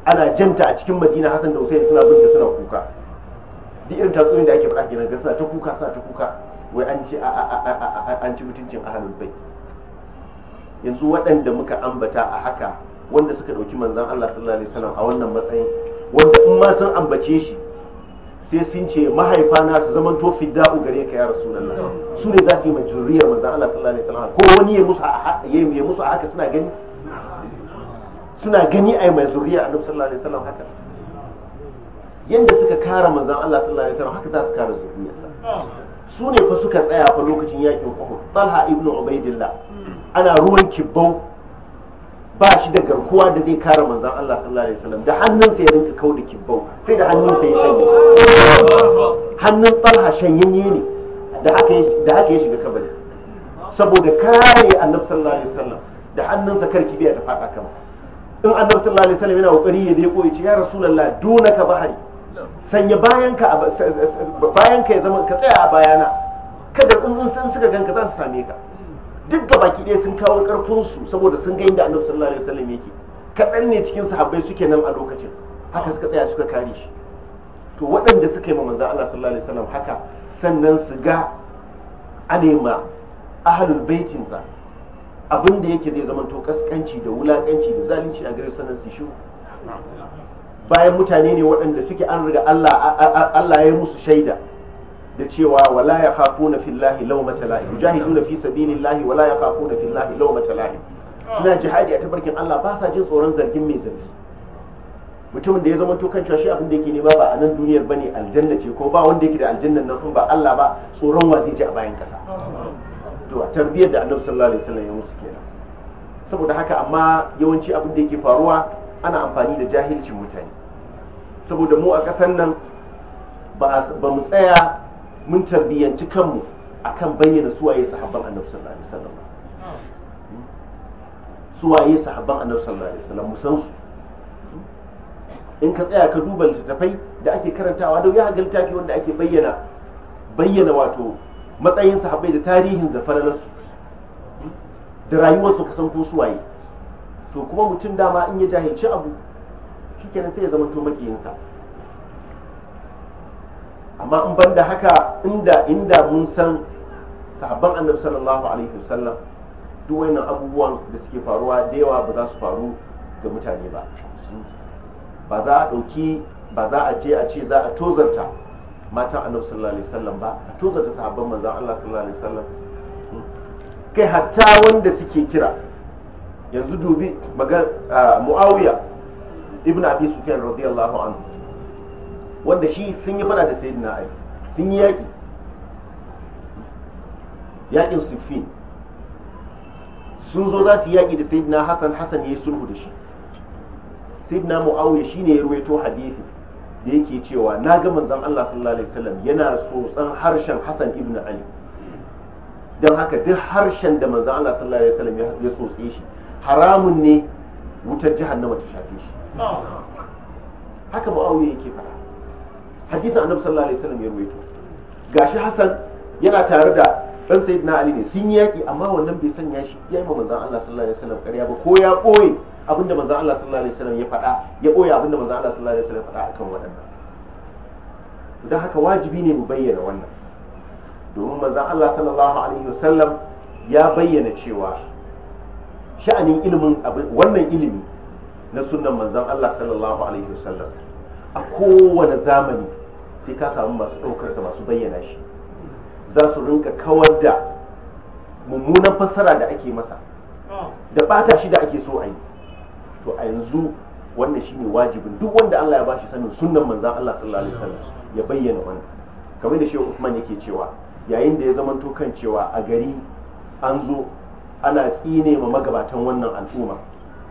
ana janta a cikin madina hasan da usaini suna binta suna kuka duk irin tatsuniyar da ake faɗa kenan ga suna ta kuka suna ta kuka wai an ci an ci mutuncin ahlul bait yanzu waɗanda muka ambata a haka wanda suka ɗauki manzan Allah sallallahu alaihi wasallam a wannan matsayin wanda in ma sun ambace shi sai sun ce mahaifa na su zaman to fidda'u gare ka ya rasulullah su ne za su yi majuriyar manzan Allah sallallahu alaihi wasallam ko wani ya musu ya musu haka suna gani suna gani ai mai zuriya annabi sallallahu alaihi wasallam haka yanda suka kara manzan Allah sallallahu alaihi wasallam haka za su kara sa su ne fa suka tsaya fa lokacin yakin Uhud Talha ibn Ubaidillah ana ruwan kibbau ba shi da garkuwa da zai kare manzan Allah sallallahu alaihi wasallam da hannunsa ya rinka kau da kibbau sai da hannunsa ya shanye hannun talha shanyanye ne da haka ya shiga kabari saboda kare annabi sallallahu alaihi wasallam da hannunsa kar biya ta fada kansa in annabi sallallahu alaihi wasallam yana kokari ya dai koyi ce ya rasulullah dunaka bahari sanya bayanka bayanka ya zama ka tsaya a bayana kada in sun suka ganka za su same ka duk ga baki ɗaya sun kawo ƙarfinsu saboda sun ga inda annabi sallallahu alaihi wasallam yake kaɗan ne cikin sahabbai suke nan a lokacin haka suka tsaya suka kare shi to waɗanda suka yi ma manzo Allah sallallahu alaihi wasallam haka sannan su ga anema ahlul baitin sa abin da yake zai zamanto kaskanci da wulakanci da zalunci a gare sannan su shiru bayan mutane ne waɗanda suke an riga Allah Allah ya yi musu shaida da cewa wala ya khafuna fillahi Ku la'im na fi sabilillahi wala ya khafuna fillahi lau matala'i suna jihadi a tabarkin Allah ba sa jin tsoron zargin mai zargi mutumin da ya zama to kan shi abin da yake nema ba a nan duniyar bane aljanna ce ko ba wanda yake da aljannan nan ba Allah ba tsoron wa zai ji a bayan kasa to a tarbiyyar da Annabi sallallahu alaihi wasallam ya musu kenan saboda haka amma yawanci abin da yake faruwa ana amfani da jahilcin mutane saboda mu a kasan nan ba mu tsaya mun tarbiyyanci kanmu akan bayyana suwaye sahabban annabi sallallahu alaihi wasallam suwaye sahabban annabi sallallahu alaihi wasallam mu san su in ka tsaya ka duba littattafai da ake karantawa da ya ga ke wanda ake bayyana bayyana wato matsayin sahabbai da tarihin da falalarsu da rayuwarsu ka san ko suwaye to kuma mutum dama in ya jahilci abu shikenan sai ya zama to makiyinsa amma in ban da haka inda inda mun san sahabban annabi sallallahu alaihi wasallam duk wannan abubuwan da suke faruwa da yawa ba za su faru ga mutane ba ba za a ɗauki ba za a je a ce za a tozarta matan annabi sallallahu alaihi wasallam ba a tozarta sahabban manzon Allah sallallahu alaihi wasallam kai hatta wanda suke kira yanzu dubi maga ah, muawiya ibn abi sufyan radiyallahu anhu wanda shi sun yi fada da sayyidina ali sun yi yaƙi yaƙin siffin sun zo za su yi yaƙi da sayyidina Hassan hassan ya yi sulhu da shi sayyidina mu'awiya shine ya ruwaito hadithi da yake cewa na ga manzon Allah sallallahu alaihi wasallam yana tsotson harshen Hassan ibn Ali don haka duk harshen da manzon Allah sallallahu alaihi wasallam ya tsotse shi haramun ne wutar jihar na ta shafe shi haka mu'awiya yake faɗa hadisin annabi sallallahu alaihi wasallam ya rubuta gashi hasan yana tare da dan sayyidina ali ne sun yaki amma wannan bai sanya shi ya yi ma manzon Allah sallallahu alaihi wasallam ƙarya ba ko ya koyi abinda manzon Allah sallallahu alaihi wasallam ya faɗa ya koyi abinda manzon Allah sallallahu alaihi wasallam ya faɗa akan waɗannan dan haka wajibi ne mu bayyana wannan domin manzon Allah sallallahu alaihi wasallam ya bayyana cewa sha'anin ilimin wannan ilimi na sunnan manzon Allah sallallahu alaihi wasallam a kowane zamani sai ka samu masu ɗaukarsa masu bayyana shi za su rinka kawar da mummunan fassara da ake masa da ɓata shi da ake so a yi to a yanzu wannan ne wajibin duk wanda Allah ya bashi sanin sunan manzan Allah sallallahu alaihi wasallam ya bayyana wannan kamar da shehu Usman yake cewa yayin da ya zamanto kan cewa a gari an zo ana tsine ma magabatan wannan al'umma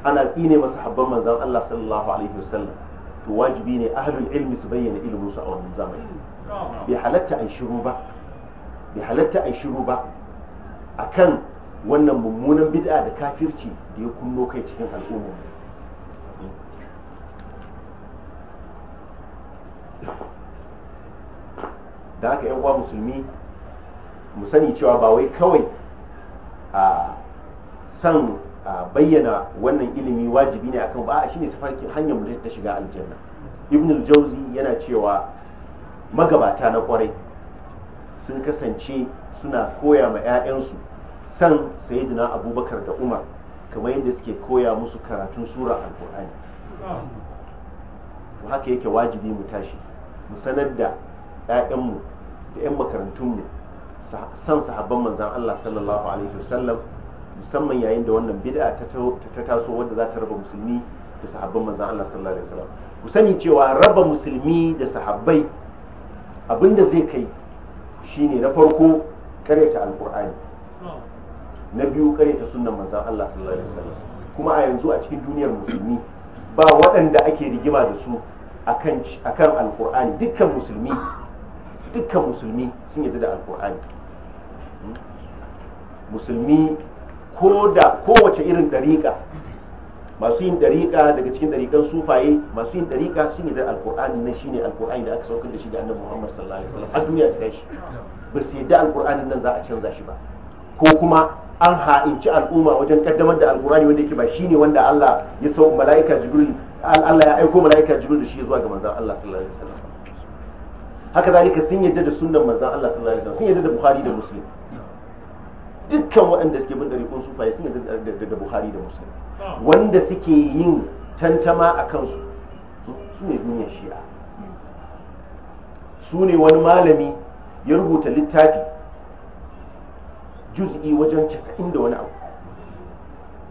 ana tsine masa habban manzan Allah sallallahu alaihi wasallam to wajibi ne ahlul ilmi su bayyana ilimin su a wannan zamani bai halatta a shiru ba bai halatta shiru ba akan wannan mummunan bid'a da kafirci da ya kunno kai cikin al'umma da haka yan uwa musulmi mu sani cewa ba wai kawai a san A bayyana wannan ilimi wajibi ne akan ba shine farkin hanyar mu ta shiga aljanna ibn al-jawzi yana cewa magabata na kwarai sun kasance suna koya ma 'ya'yansu san sayyidina abubakar da umar kamar yadda suke koya musu karatun sura alkur'ani to haka yake wajibi mu tashi mu sanar da ƴaƴanmu da 'yan makarantunmu san sahabban manzon allah sallallahu alaihi wasallam musamman yayin da wannan bid'a ta taso wadda za ta raba musulmi da sahabban manzon Allah sallallahu alaihi wasallam ku sani cewa raba musulmi da sahabbai abinda zai kai shine na farko karyata alkur'ani na biyu karyata sunan manzon Allah sallallahu alaihi wasallam kuma a yanzu a cikin duniyar musulmi ba waɗanda ake rigima da su akan akan alkur'ani dukkan musulmi dukkan musulmi sun yadda da alkur'ani hmm? musulmi ko da kowace irin dariƙa masu yin dariƙa daga cikin dariƙan sufaye masu yin dariƙa sun yi da alƙur'ani nan shine alƙur'ani da aka saukar da shi da annabi Muhammad sallallahu alaihi wasallam har duniya ta tashi ba su da alƙur'ani nan za a canza shi ba ko kuma an ha'inci al'umma wajen kaddamar da alƙur'ani wanda yake ba shine wanda Allah ya sau mala'ika jibril Allah ya aiko mala'ika jibril da shi zuwa ga manzon Allah sallallahu alaihi wasallam haka zalika sun yadda da sunan manzon Allah sallallahu alaihi wasallam sun yadda da Bukhari da Muslim dukkan waɗanda suke bin ɗariƙun sufaye suna daga buhari da musulmi ah. wanda suke yin tantama a kansu su ne duniyar shi'a su ne wani malami ya rubuta littafi juz'i wajen casa'in da wani abu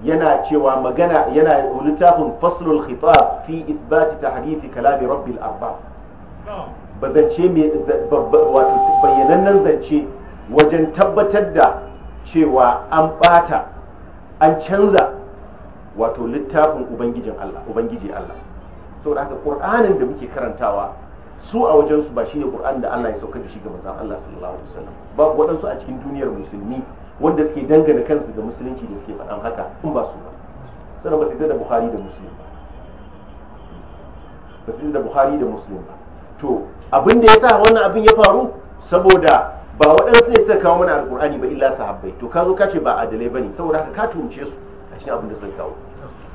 yana cewa magana yana littafin faslul khitab fi isbati tahrifi kalabi rabbil arba ah. ba zance mai wato bayyanannen zance wajen tabbatar da cewa an bata an canza wato littafin ubangijin Allah ubangiji Allah saboda haka qur'anin da muke karantawa su a wajen su ba shine qur'an da Allah ya sauka da shi ga manzon Allah sallallahu alaihi wasallam babu waɗansu a cikin duniyar musulmi wanda suke dangana kansu ga musulunci da suke faɗan haka in ba su ba sannan ba su da Bukhari da Muslim ba ba su da Bukhari da Muslim ba to abin da ya sa wannan abin ya faru saboda ba waɗansu ne suka kawo mana Alƙur'ani ba illa sahabbai to ka zo ka ce ba adalai ba ne saboda haka ka tumce su a cikin abin da suka kawo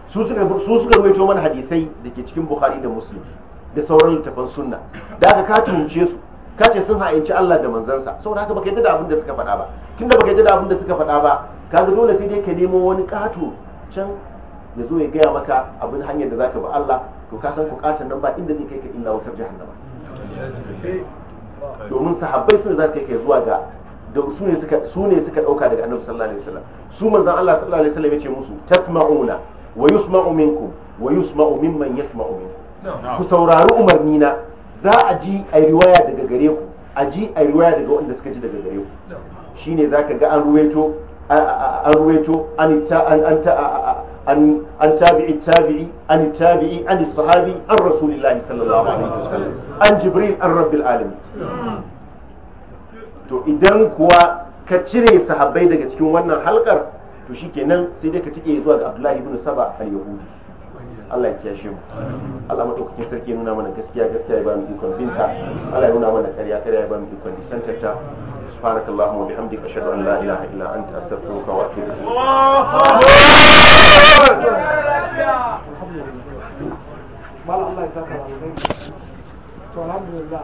su suka su mana hadisai da ke cikin bukhari da muslim da sauran littafan sunna da haka ka tumce su ka ce sun ha'inci Allah da manzansa saboda haka baka yadda da abin da suka faɗa ba tunda baka yadda da abin da suka faɗa ba ga dole sai dai ka nemo wani kato can ya zo ya gaya maka abin hanyar da zaka bi Allah to ka san bukatan nan ba inda zai kai ka illa wutar jahannama domin sahabbai sun za ta kai zuwa ga su ne suka su ne suka dauka daga annabi sallallahu alaihi wasallam su manzon Allah sallallahu alaihi wasallam yace musu tasma'una wa yusma'u minkum wa yusma'u mimman yasma'u minkum ku saurari umarni na za a ji ai riwaya daga gare ku a ji ai riwaya daga wanda suka ji daga gare ku shine zaka ga an ruwaito an ruwaito an tabi'i tabi'i an tabi'i an sahabi an rasulillahi sallallahu alaihi wasallam an jibril an rabbil alamin to idan kuwa ka cire sahabbai daga cikin wannan halkar to shikenan sai dai ka tike zuwa ga abdullahi ibn saba al-yahudi Allah ya kiyashe mu Allah madaukakin sarki ya nuna mana gaskiya gaskiya ya ba mu ikon binta Allah ya nuna mana kariya kariya ya ba mu ikon nisantarta سبحانك اللهم وبحمدك أشهد أن لا إله إلا أنت أستغفرك وأتوب إليك الله يسعدك الحمد لله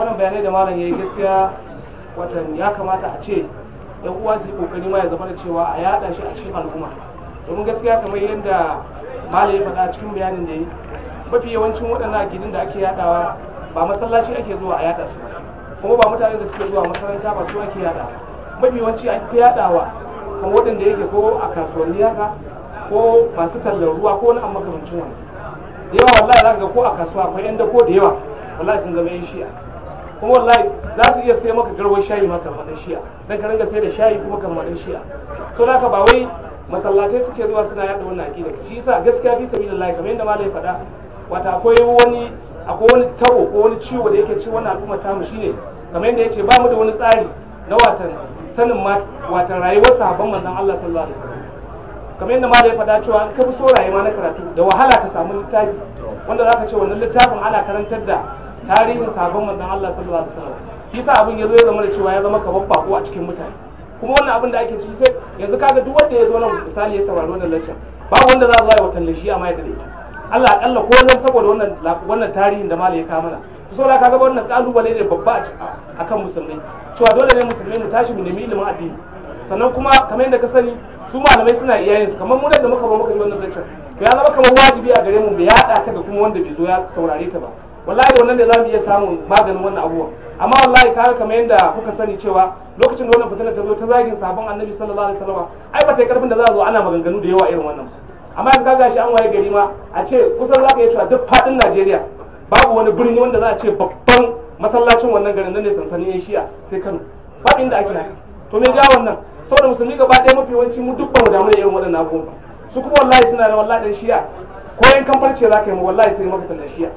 wannan bayanai da malam ya yi gaskiya watan ya kamata a ce yan uwa su yi kokari ma ya zama da cewa a yada shi a cikin al'umma domin gaskiya kamar yadda malam ya faɗa cikin bayanin da ya yi mafi yawancin waɗannan gidin da ake yadawa ba masallaci ake zuwa a yada su ba kuma ba mutane da suke zuwa makaranta ba su ake yada mafi yawanci an fi yadawa kan waɗanda yake ko a kasuwanni haka ko masu tallar ruwa ko wani amma kamancin wani da yawa wallahi za ka ga ko a kasuwa akwai yan dako da yawa wallahi sun zama yan shiya kuma wallahi za su iya sai maka garwar shayi ma kalmadan shiya dan ka ringa sai da shayi kuma kalmadan shiya so da haka ba wai masallatai suke zuwa suna yada wannan aqida shi yasa gaskiya fi layi kamar yadda malai faɗa wata akwai wani akwai wani taro ko wani ciwo da yake ci wannan al'umma ta mu shine kamar yadda yace ba mu da wani tsari na watan sanin ma watan rayuwar sahabban manzon Allah sallallahu alaihi wasallam kamar yadda ma da ya faɗa cewa an ka fi so rayuwa na karatu da wahala ka samu littafi wanda zaka ce wannan littafin ana karantar da tarihin sahabban manzon Allah sallallahu alaihi wasallam yasa abin ya zo ya zama da cewa ya zama kamar bako a cikin mutane kuma wannan abin da ake ci sai yanzu kaga duk wanda ya zo nan misali ya saurari wannan lecture ba wanda za a zo ya watan shi a mai da ita Allah akalla ko wannan saboda wannan wannan tarihin da malai ya kawo mana saboda kaga wannan kalubale ne babba a kan musulmai a dole ne musulmai mu tashi mu nemi ilimin addini sannan kuma kamar yadda ka sani su malamai suna iyayensu kamar mu da muka ba muka yi wannan lecture to ya zama kamar wajibi a gare mu mu yaɗa ta da kuma wanda bai zo ya saurare ta ba wallahi wannan da zamu iya samun maganin wannan abubuwan amma wallahi kaga kamar yadda kuka sani cewa lokacin da wannan fitina ta zo ta zagin sabon annabi sallallahu alaihi wasallam ai ba sai karfin da za a zo ana maganganu da yawa irin wannan amma in kaga shi an waye gari ma a ce kusan za ka yi a duk faɗin najeriya babu wani birni wanda za a ce babban masallacin wannan garin nan ne sansanin ya shiya sai kano faɗin da ake haka to me ja wannan saboda musulmi gaba ɗaya mafi yawanci mu duk ba mu damu da irin waɗannan abubuwan su kuma wallahi suna da wallahi ɗan shiya ko yan kamfarce za ka yi wallahi sai maka tallan shiya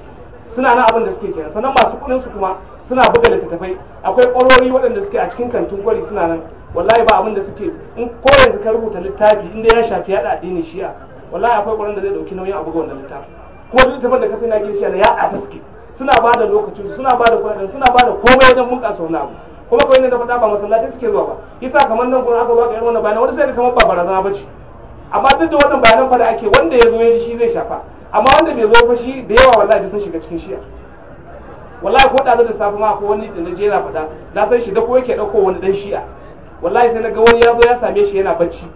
suna nan abin da suke kenan sannan masu kuɗin su kuma suna buga littattafai akwai ƙwarori waɗanda suke a cikin kantin kwari suna nan wallahi ba abin da suke in ko yanzu ka rubuta littafi inda ya shafi yaɗa addinin shi'a wallahi akwai gurin da zai dauki nauyin abu ga wannan littafin ko littafin da ka sai na girshiya da ya a taske suna ba da lokacin suna ba da kuɗaɗen suna ba da komai wajen bunƙasa wani abu kuma kawai ne da faɗa ba masallaci suke zuwa ba isa kamar nan kuma aka zo aka yi wannan bayanan wani sai da kamar ba barazana ba ce amma duk da wannan bayanan fa da ake wanda ya zo ya ji shi zai shafa amma wanda bai zo fa shi da yawa wallahi sun shiga cikin shi'a wallahi ko da da safe ma ko wani da naje yana faɗa na san shi da ko yake ɗauko wani dan shi'a wallahi sai na ga wani ya zo ya same shi yana bacci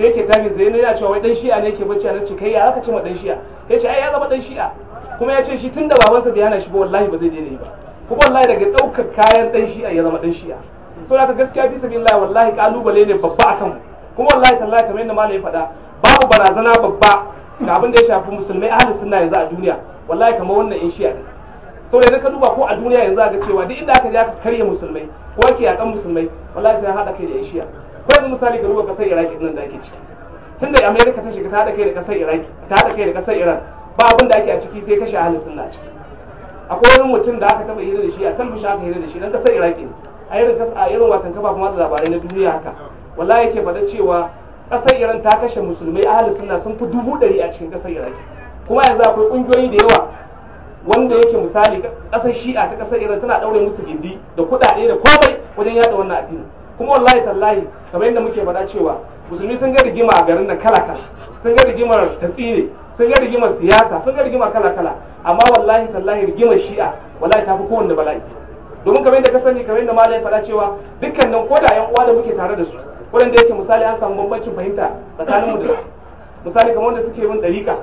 sai yake zagi zai ne ya ce wai dan shi'a ne ke bacci na ce kai ya aka ce ma dan shi'a ya ce ai ya zama dan shi'a kuma ya ce shi tunda babansa bai hana shi ba wallahi ba zai daina yi ba kuma wallahi daga ɗaukar kayan dan shi'a ya zama dan shi'a so da gaskiya bi sabilillah wallahi kalubale ne babba akan mu kuma wallahi tallahi kamar yadda ya faɗa babu barazana babba ga abin da ya shafi musulmai ahlus sunna yanzu a duniya wallahi kamar wannan in shi'a ne sau da ka duba ko a duniya yanzu ga cewa duk inda aka je aka karya musulmai ko ake yakan musulmai wallahi sai haɗa kai da yan shi'a ko yanzu misali ga ruwa kasar iraki nan da ake ciki tunda amerika ta shiga ta haɗa kai da kasar iraki ta haɗa kai da kasar iran ba abin da ake a ciki sai kashe ahalin sunna ciki akwai wani mutum da aka taba hira da shi a talbishin aka hira da shi nan kasar iraki ne a irin a irin watan kuma da labarai na duniya haka wallahi yake fada cewa kasar iran ta kashe musulmai ahalin sunna sun fi dubu ɗari a cikin kasar iraki kuma yanzu akwai kungiyoyi da yawa wanda yake misali kasar shi'a ta kasar iran tana daure musu gindi da kuɗaɗe da komai wajen yada wannan addini kuma wallahi tallahi kamar yadda muke faɗa cewa musulmi sun ga rigima a garin nan kala kala sun ga rigimar tatsire sun ga rigimar siyasa sun ga rigima kala kala amma wallahi tallahi rigimar shi'a wallahi ta fi kowanne bala'i domin kamar yadda ka sani kamar yadda malai faɗa cewa dukkanin ko da yan uwa da muke tare da su wanda yake misali an samu bambancin fahimta tsakanin mu da su misali kamar wanda suke bin dalika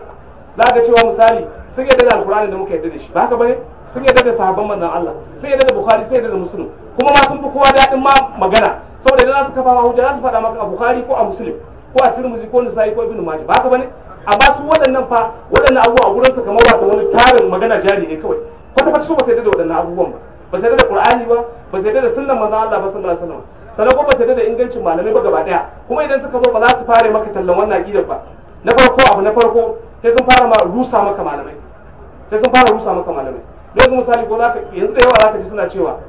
za ka cewa misali sun yarda da alkur'ani da muka yarda da shi ba haka bane sun yarda da sahabban manzon Allah sun yarda da bukhari sun yarda da muslim kuma ma sun fi kowa daɗin ma magana saboda idan su kafa hujja za su faɗa maka a bukhari ko a muslim ko a tirmidhi ko nisa'i ko ibnu majah ba ka bane amma su waɗannan fa waɗannan abubuwa a su kamar ta wani tarin magana jari ne kawai kwata kwata su ba su yarda da waɗannan abubuwan ba ba su yarda da qur'ani ba ba su yarda da sunnar manzon Allah ba sallallahu alaihi wasallam sannan kuma ba su yarda da ingancin malamai ba gaba daya kuma idan suka zo ba za su fara maka tallan wannan aqidar ba na farko abu na farko sai sun fara rusa maka malamai sai sun fara rusa maka malamai yanzu misali ko ka yanzu da yawa ka ji suna cewa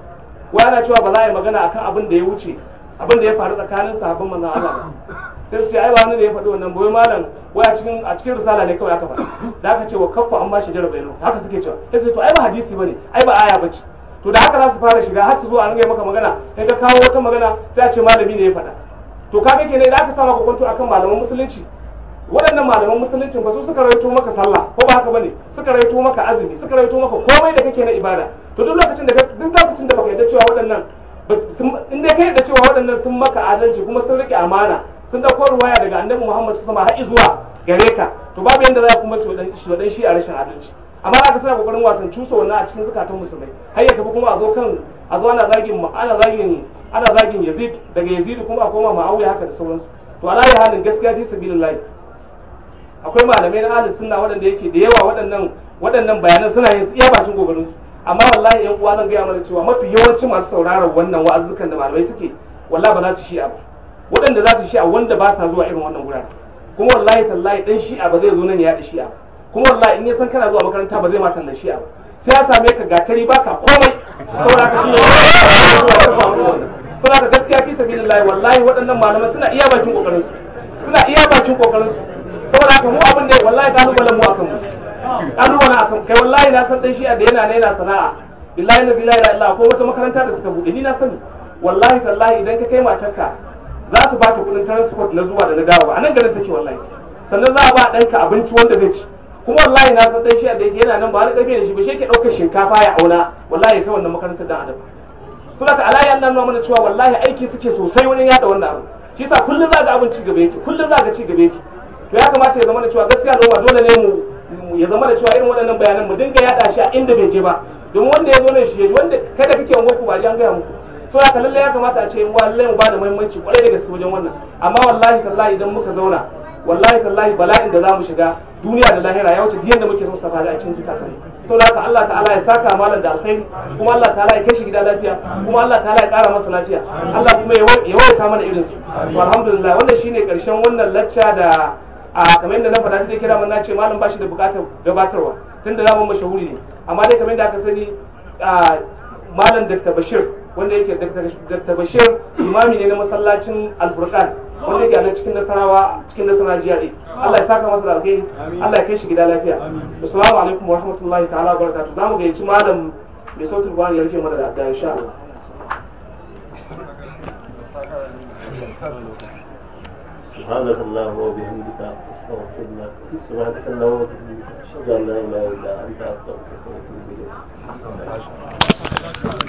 wa yana cewa ba za a yi magana akan abin da ya wuce abin da ya faru tsakanin sahabban manzon Allah sai su ce ai wani da ya faɗi wannan boye malam wai a cikin a cikin risala ne kawai aka faɗa da aka ce wa kafa an ba shi jarabai no haka suke cewa sai su to ai ba hadisi bane ai ba aya bace to da haka za su fara shiga har su zo a ringa maka magana sai ka kawo wata magana sai a ce malami ne ya faɗa to kake ne da aka sa maka kwanto akan malaman musulunci waɗannan malaman musulunci ba su suka rawaito maka sallah ko ba haka bane suka rawaito maka azumi suka rawaito maka komai da kake na ibada to duk lokacin da duk lokacin da baka yarda cewa waɗannan in dai ka yarda cewa waɗannan sun maka adalci kuma sun rike amana sun dauko ruwaya daga annabi Muhammad sallallahu alaihi wasallam har zuwa gare ka to babu yanda za kuma shi wadan shi a rashin adalci amma za ka kokarin wasan cuso wannan a cikin zakatun musulmai har ya tafi kuma a zo kan a zo ana zagin ana zagin ana zagin Yazid daga Yazid kuma a koma Muawiya haka da sauransu to alayhi halin gaskiya fi sabilillah akwai malamai na ahlus sunna waɗanda yake da yawa waɗannan waɗannan bayanan suna yin iya bakin gobarin su amma wallahi yan uwa zan gaya mana cewa mafi yawanci masu sauraron wannan wa'azukan da malamai suke wallahi ba za su shi'a ba waɗanda za su shi'a wanda ba sa zuwa irin wannan wuraren kuma wallahi tallahi dan shi'a ba zai zo nan ya da shi'a kuma wallahi in ya san kana zuwa makaranta ba zai ma tallan shi'a ba sai ya same ka gatari ba ka komai saboda ka gaskiya fi sabilillahi wallahi waɗannan malamai suna iya bakin kokarin su suna iya bakin kokarin su saboda haka mu abin da wallahi kalubalen mu akan mu kalubalen akan kai wallahi na san dan shi da yana na sana'a billahi la ilaha illa ko wata makaranta da suka buɗe. ni na sani wallahi tallahi idan ka kai ka. za su baka kudin transport na zuwa da na a nan garin take wallahi sannan za a ba ɗanka abinci wanda zai ci kuma wallahi na san dan shi da yake yana nan ba na karfe da shi ba shi ke ɗaukar shinkafa ya auna wallahi kai wannan makarantar dan adam suna ta alayi Allah nuna mana cewa wallahi aiki suke sosai wurin yada wannan abu shi yasa kullum za ga abin ci gaba yake kullum za ga ci gaba yake to ya kamata ya zama da cewa gaskiya noma dole ne mu ya zama da cewa irin waɗannan bayanan mu dinga yaɗa shi a inda bai je ba domin wanda ya zo ne shi wanda kada kake yango ku ba an gaya muku so haka lallai ya kamata a ce wallahi mu ba da muhimmanci kwarai da gaske wajen wannan amma wallahi tallahi idan muka zauna wallahi tallahi bala'in da zamu shiga duniya da lahira ya wuce jiyan da muke so safa a cikin zukatan saboda haka Allah ta'ala ya saka malam da alkhairi kuma Allah ta'ala ya kai shi gida lafiya kuma Allah ta'ala ya kara masa lafiya Allah kuma ya yawaita mana irin su alhamdulillah wannan shine karshen wannan lacca da a kamar yadda na faɗa da kira mun na ce malam bashi da bukatar gabatarwa tunda zamu mashahuri ne amma dai kamar yadda aka sani malam Dr. Bashir wanda yake Dr. Bashir imami ne na masallacin Al-Furqan wanda yake a cikin nasarawa cikin nasara jiya Allah ya saka masa da alheri Allah ya kai shi gida lafiya assalamu alaikum wa rahmatullahi ta'ala wa barakatuh zamu gayyaci malam mai sautin Qur'ani ya rike mana da insha Allah سبحانك اللهم وبحمدك أستغفر لك سبحانك اللهم وبحمدك أشهد أن لا إله إلا أنت أستغفرك وأتوب إليك